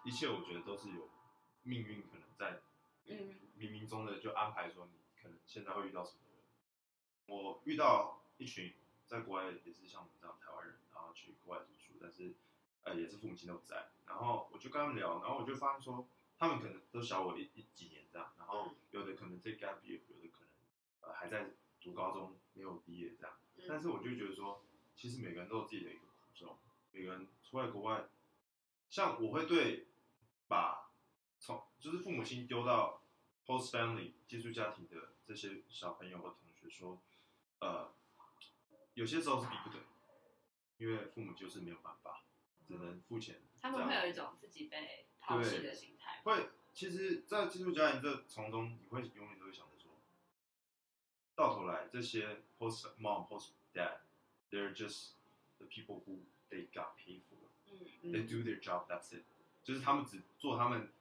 Speaker 3: 一切，我覺得都是有命運可能在，嗯，冥冥中的就安排說你可能現在會遇到什麼。我遇到一群在國外也是像我們這樣台灣人，然後去國外讀書，但是呃也是父母親都不在，然後我就跟他們聊，然後我就發現說，他們可能都小我一一幾年這樣，然後有的可能在 gap 有的可能、呃、還在讀高中沒有畢業這樣，但是我就覺得說，其實每個人都有自己的一個苦衷，每個人出來國外，像我會對把從就是父母親丟到 host family 寄宿家庭的這些小朋友和同學說。呃，有些時候是比不得、啊，因為父母就是沒有辦法，只能付錢。
Speaker 2: 他們會有一種自己被拋棄的心態。
Speaker 3: 會，其實在，在寄宿家庭這從中，你會永遠都會想着說，到頭來這些，host mom，host dad，they're just the people who they got paid for. 嗯。They do their job. That's it. 嗯、就是他們只做他們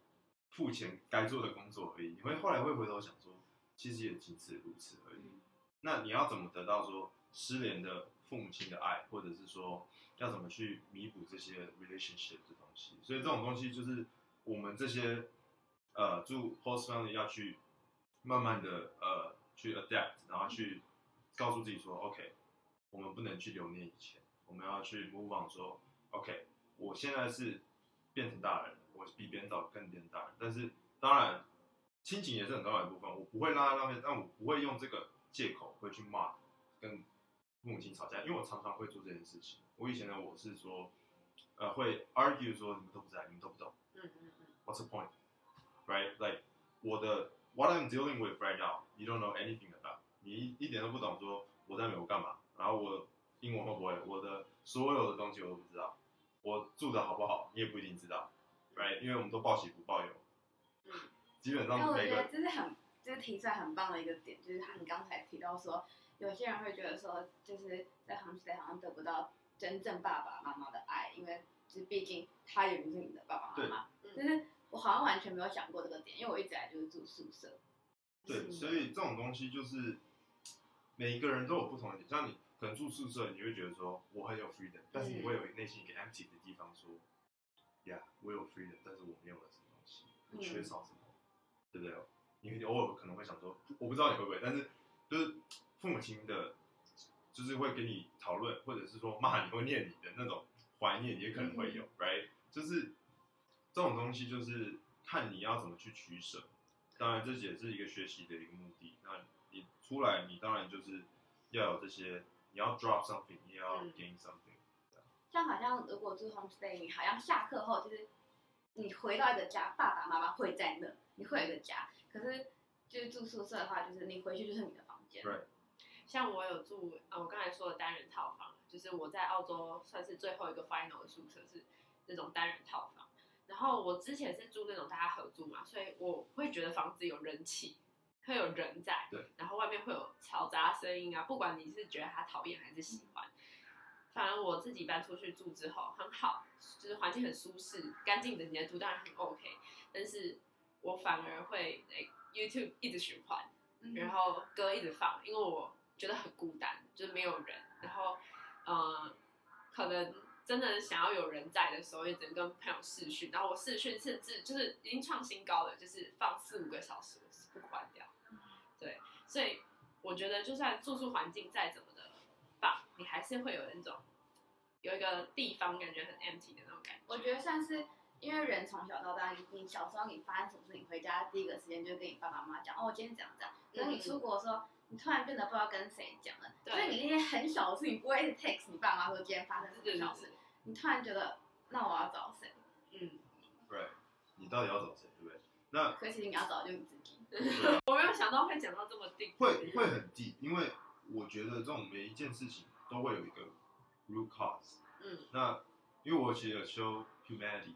Speaker 3: 付錢該做的工作而已。你會後來會回頭想說，其實也僅此如此而已。嗯那你要怎麼得到說失聯的父母親的愛，或者是說要怎麼去彌補這些 relationship 的東西？所以這種東西就是我們這些呃住 host family 要去慢慢的呃去 adapt，然後去告訴自己說、嗯、OK，我們不能去留念以前，我們要去 move on 說 OK，我現在是變成大人了，我比別人早更變大人，但是當然親情也是很重要的部分，我不會拉在那邊，但我不會用這個。借口會去罵，跟母親吵架，因為我常常會做這件事情。我以前呢，我是說，呃，會 argue 說你們都不在，你們都不懂。嗯 What's the point? Right? Like, 我的 what I'm dealing with right now, you don't know anything about. 你一點都不懂，說我在美國幹嘛？然後我英文會不會？我的所有的東西我都不知道。我住的好不好，你也不一定知道。Right? 因為我們都報喜不報憂。 <laughs> 基本上就每個。看
Speaker 1: 我就是提出來很棒的一個點，就是你剛才提到說，有些人會覺得說，就是在 homestay 好像得不到真正爸爸媽媽的愛，因為就是畢竟他也不是你的爸爸媽媽、嗯。但是我好像完全沒有想過這個點，因為我一直以來就是住宿舍。
Speaker 3: 對，所以這種東西就是每一個人都有不同的點，像你可能住宿舍，你會覺得說我很有 freedom，是但是你會有內心一個 empty 的地方說，說呀，我有 freedom，但是我沒有了什麼東西，我缺少什麼，嗯、對不對？因為你偶爾可能會想說，我不知道你會不會，但是就是父母親的，就是會跟你討論，或者是說罵你、會念你的那種懷念也可能會有，嗯嗯，right？就是這種東西就是看你要怎麼去取捨。當然，這也是一個學習的一個目的。那你出來，你當然就是要有這些，你要 drop something，你要 gain something、嗯。像好像如果這 homestay，好像下課後就是你回到一個家，爸
Speaker 1: 爸媽媽會在那，你會有個家。可是，就是住宿舍的
Speaker 2: 話，就是你回去就是你的房間。對、Right。像我有住啊，我剛才說的單人套房，就是我在澳洲算是最後一個 final 的宿舍是那種單人套房。然後我之前是住那種大家合租嘛，所以我會覺得房子有人氣，會有人在。對、Right。然後外面會有嘈雜聲音啊，不管你是覺得他討厭還是喜歡，反正我自己搬出去住之後很好，就是環境很舒適，乾淨整潔度當然很 OK，但是。我反而會、like、YouTube 一直循環、嗯，然後歌一直放，因為我覺得很孤單，就是沒有人。然後，呃、可能真的想要有人在的時候，也只能跟朋友視訊，然後我視訊甚至就是已經創新高了，就是放四五個小時，我是不關掉。對，所以我覺得就算住宿環境再怎麼的棒，你還是會有那種有一個地方感覺很 empty 的那種感覺。
Speaker 1: 我覺得算是。因為人從小到大你，你小時候你發生什麼事，你回家第一個時間就跟你爸爸媽媽講。哦，我今天這樣這樣。可、嗯、是你出國說，你突然變得不知道跟誰講了。所以你那些很小的事情，你不會是 text 你爸媽說今天發生這個小事。對對對，你突然覺得，那我要找誰？嗯，
Speaker 3: 對、right.，你到底要找誰，對不對？那可
Speaker 1: 惜你要找的就是你自己。啊、 <laughs> <laughs> 我沒有想到會講到這麼 deep，
Speaker 3: 會會很 deep，因為我覺得這種每一件事情都會有一個 root cause。嗯，那因為我其實 show humanity。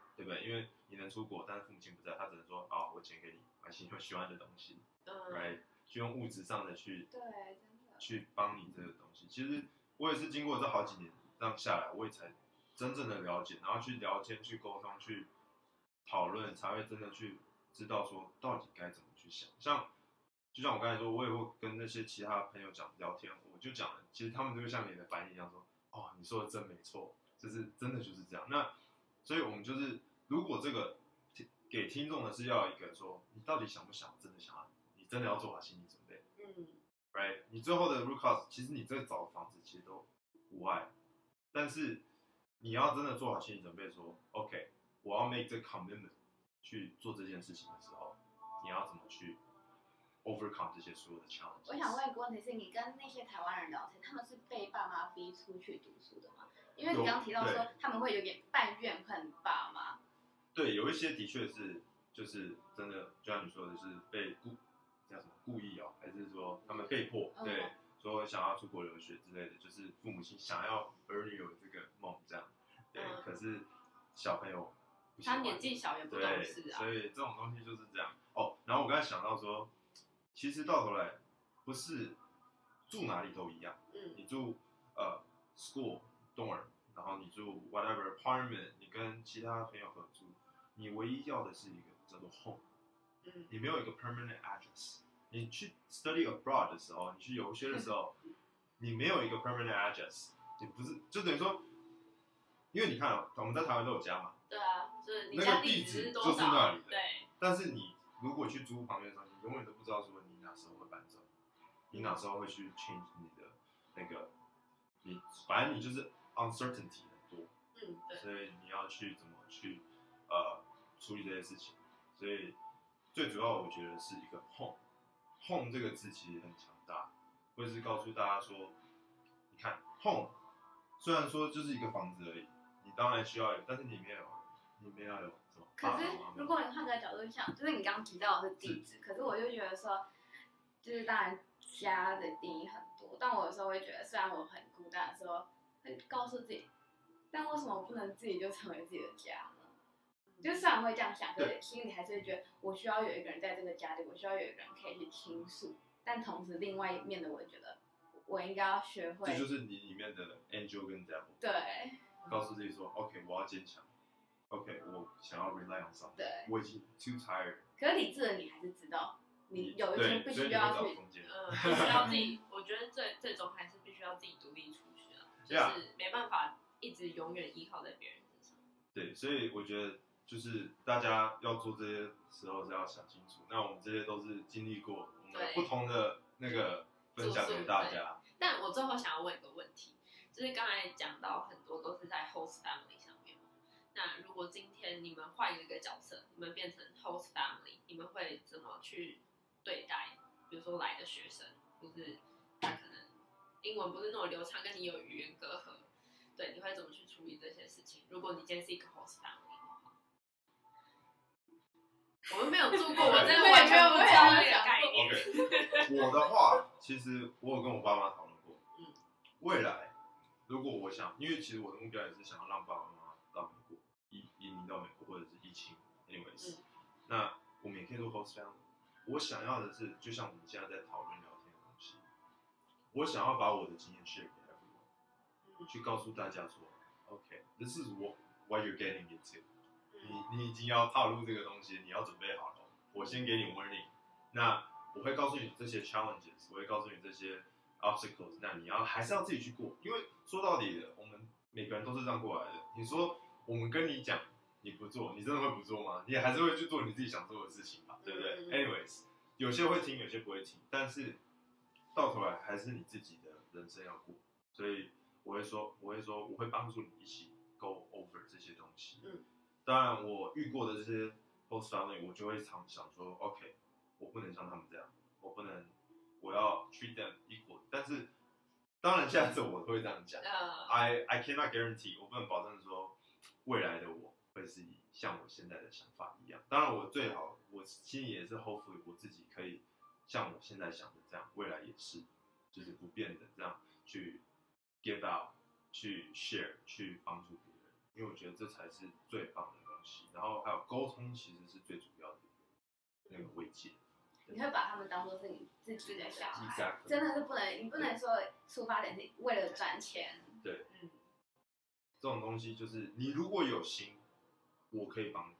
Speaker 3: 對不對？因為你能出國，但是父母親不在，他只能說哦，我錢給你，買新，你喜歡的東西，Right？就用物質上的去對，真的去幫你這個東西。其實我也是經過這好幾年這樣下來，我也才真正的了解，然後去聊天、去溝通、去討論，才會真的去知道說到底該怎麼去想。像就像我剛才說，我也會跟那些其他朋友講聊天，我就講其實他們就會像你的反應一樣說，哦，你說的真沒錯，就是真的就是這樣。那所以我們就是。如果這個給聽眾的是要一個說，你到底想不想真的想要，你真的要做好心理準備。嗯，Right，你最後的 Rookhouse，其實你這找房子其實都無礙，但是你要真的做好心理準備說，說 OK，我要 make the commitment 去做這件事情的時候，你要怎麼去 overcome 這些所有的 challenge？我想問
Speaker 1: 一個問題是，你跟那些台灣人聊天，他們是被爸媽逼出去讀書的嗎？因為你剛提到說他們會有點半怨恨爸媽。
Speaker 3: 對，有一些的確是，就是真的，就像你說的，是被故叫什麼故意哦，還是說他們被迫？對、嗯，說想要出國留學之類的，就是父母親想要兒女有這個夢這樣。對、嗯，可是小朋友
Speaker 2: 他年紀小也不懂事啊，對，
Speaker 3: 所以這種東西就是這樣哦。Oh, 然後我剛才想到說，其實到頭來不是住哪裡都一樣，嗯、你住呃 school dorm，然後你住 whatever apartment，你跟其他朋友合租。你唯一要的是一個叫做 home、嗯，你沒有一個 permanent address。你去 study abroad 的時候，你去遊學的時候、嗯，你沒有一個 permanent address。你不是就等於說，因為你看哦，我們在台灣都有家嘛，
Speaker 2: 對啊，就是、那個地址就是、就是、那裡的。對。
Speaker 3: 但是你如果去租房子的時候，你永遠都不知道說你哪時候會搬走、嗯，你哪時候會去 change 你的那個，你反正你就是 uncertainty 很多。嗯、對、所以你要去怎麼去呃？處理這些事情，所以最主要我覺得是一個 home，home home 這個字其實很強大，或者是告訴大家說，你看 home，雖然說就是一個房子而已，你當然需要有，但是你沒有，你沒有要有什麼？可是媽媽
Speaker 1: 如果你換個角度想，就是你剛剛提到的是地址是，可是我就覺得說，就是當然家的定義很多，但我有時候會覺得，雖然我很孤單說，說會告訴自己，但為什麼不能自己就成為自己的家？就算會這樣想，對不對？心裡還是會覺得我需要有一個人在這個家裡，我需要有一個人可以去傾訴。但同時，另外一面的我也覺得，我應該要學會。就是
Speaker 3: 你裡面的 angel 跟 devil。
Speaker 1: 對。嗯、
Speaker 3: 告訴自己說，OK，我要堅強。OK，、嗯、我想要 rely on something 對。我已經 too tired。
Speaker 1: 可是理智的你還是知道，
Speaker 3: 你有一天必須要去，
Speaker 2: 呃、必須要自己。 <laughs> 我覺得最最終還是必須要自己獨立出去了，yeah. 就是沒辦法一直永遠依靠在別人
Speaker 3: 身上。對，所以我覺得。就是大家要做這些時候，是要想清楚。那我們這些都是經歷過，我們不同的那個分享給大家。嗯。
Speaker 1: 但我最後想
Speaker 2: 要問一個問題，就是剛才講到很多都是在 host family 上面。那如果今天你們換一個角色，你們變成 host family，你們會怎麼去對待？比如說，來的學生，就是他可能英文不是那麼流暢，跟你有語言隔閡，對，你會怎麼去處理這些事情？如果你今天是一個 host
Speaker 1: family。 <laughs> 我都沒有
Speaker 3: 做過，我真的完全不一樣的 OK， <laughs> 我的話，其實我有跟我爸媽討論過。未來如果我想，因為其實我的目標也是想要讓爸爸媽媽到美國，移移民到美國，或者是移青，anyway，、嗯、那我們也可以做 host family，我想要的是，就像我們現在在討論聊天的東西，我想要把我的經驗 share 給父母，去告訴大家說，OK，this、okay, is what what you're getting into。你你已經要踏入這個東西，你要準備好了。我先給你 warning，那我會告訴你這些 challenges，我會告訴你這些 obstacles，那你要還是要自己去過，因為說到底，我們每個人都是這樣過來的。你說我們跟你講，你不做，你真的會不做嗎？你還是會去做你自己想做的事情吧，對不對？Anyways，有些會聽，有些不會聽，但是到頭來還是你自己的人生要過。所以我會說，我會說，我會幫助你一起 go over 這些東西。當然，我遇過的這些 host family 我就會常想說，OK，我不能像他們這樣，我不能，我要 treat them equal。但是，當然，下次我都會這樣講。 <laughs> I I cannot guarantee，我不能保證說未來的我會是以像我現在的想法一樣。當然，我最好，我心裡也是 hopefully 我自己可以像我現在想的這樣，未來也是，就是不變的這樣去 give out，去 share，去幫助別人。因為我覺得這才是最棒的東西，然後還有溝通其實是最主要的一個那個慰藉。你會把他們當做是你自己的小孩，真的是不能，你不能說出發
Speaker 1: 點是為了賺錢，
Speaker 3: 對。對，嗯，這種東西就是你如果有心，我可以幫你。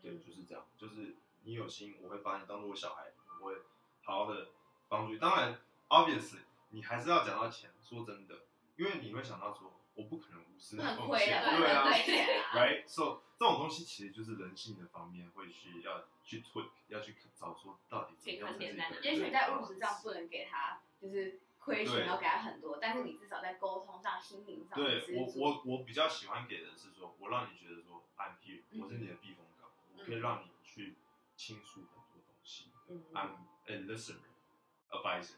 Speaker 3: 對，就是這樣，就是你有心，我會把你當做我小孩，我會好好的幫助。當然，obviously，你還是要講到錢。說真的，因為你會想到說。我不可能無私，那東西，對啊,對,對,對，Right？So 這種東西其實就是人性的方面，會去要去 tweak，要去找出到底怎樣的、這個。給他點答案。也許在物質上不能給他就是虧損要給他很多，但是你至少在溝通上、心
Speaker 1: 靈上。對，我我
Speaker 3: 我比較喜歡給的是說，我讓你覺得說，I'm here，、嗯、我是你的避風港、嗯，我可以讓你去傾訴很多東西。嗯、I'm a listener, a advisor，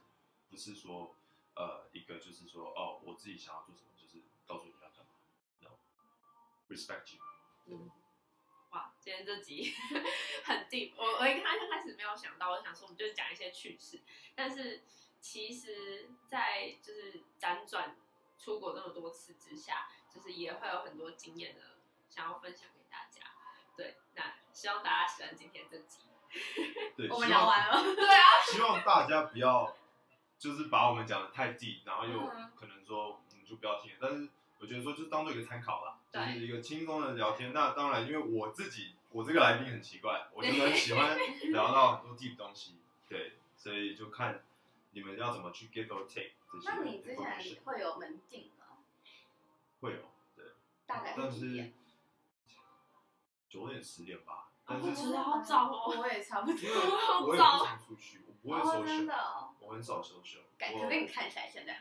Speaker 3: 不是說呃一個就是說哦，我自己想要做什麼。告訴你，然後 respect you、嗯。今
Speaker 2: 天這集呵呵很 deep，我我一開始沒有想到，我想說我們就講一些趣事，但是其實，在就是輾轉出國那麼多次之下，就是也會有很多經驗的，想要分享給大家。對，那希望大家喜歡今天這集。呵呵
Speaker 3: 我們聊完了，對啊。希望大家不要 <laughs> 就是把我們講的太 deep，然後又可能說我、嗯嗯、就不要聽，但是。我覺得說就當作一個參考啦，就是一個輕鬆的聊天。那當然，因為我自己，我這個來賓很奇怪，我就很喜歡聊到很多 deep 東西。對，所以就看你們要怎麼去 get or take 這些。那你之
Speaker 1: 前
Speaker 3: 會有門禁嗎？會有，對。大概九點十點吧。啊，我真的好早哦！我也差不多，我也不想出去，我不會 social，啊，真的，哦，我很少 social。我給你
Speaker 1: 看起來現在。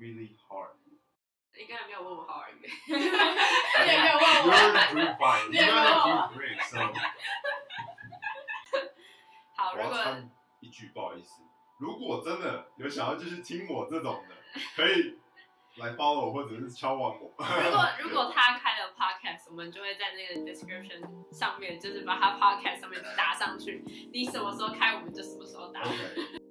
Speaker 2: really hard。你剛沒有問我 how are you，
Speaker 3: 沒 <laughs> 有沒有問我。are 沒 o 好。
Speaker 1: 好，我要唱
Speaker 3: 一句，一句，不好意思，如果真的有想要就是聽我這種的，嗯、可以來 follow 我或者是敲爆我。如果
Speaker 2: 如果他開了 podcast，我們就會在那個 description 上面，就是把他 podcast 上面打上去。你什麼時候開，我們就什
Speaker 1: 麼時候打。Okay.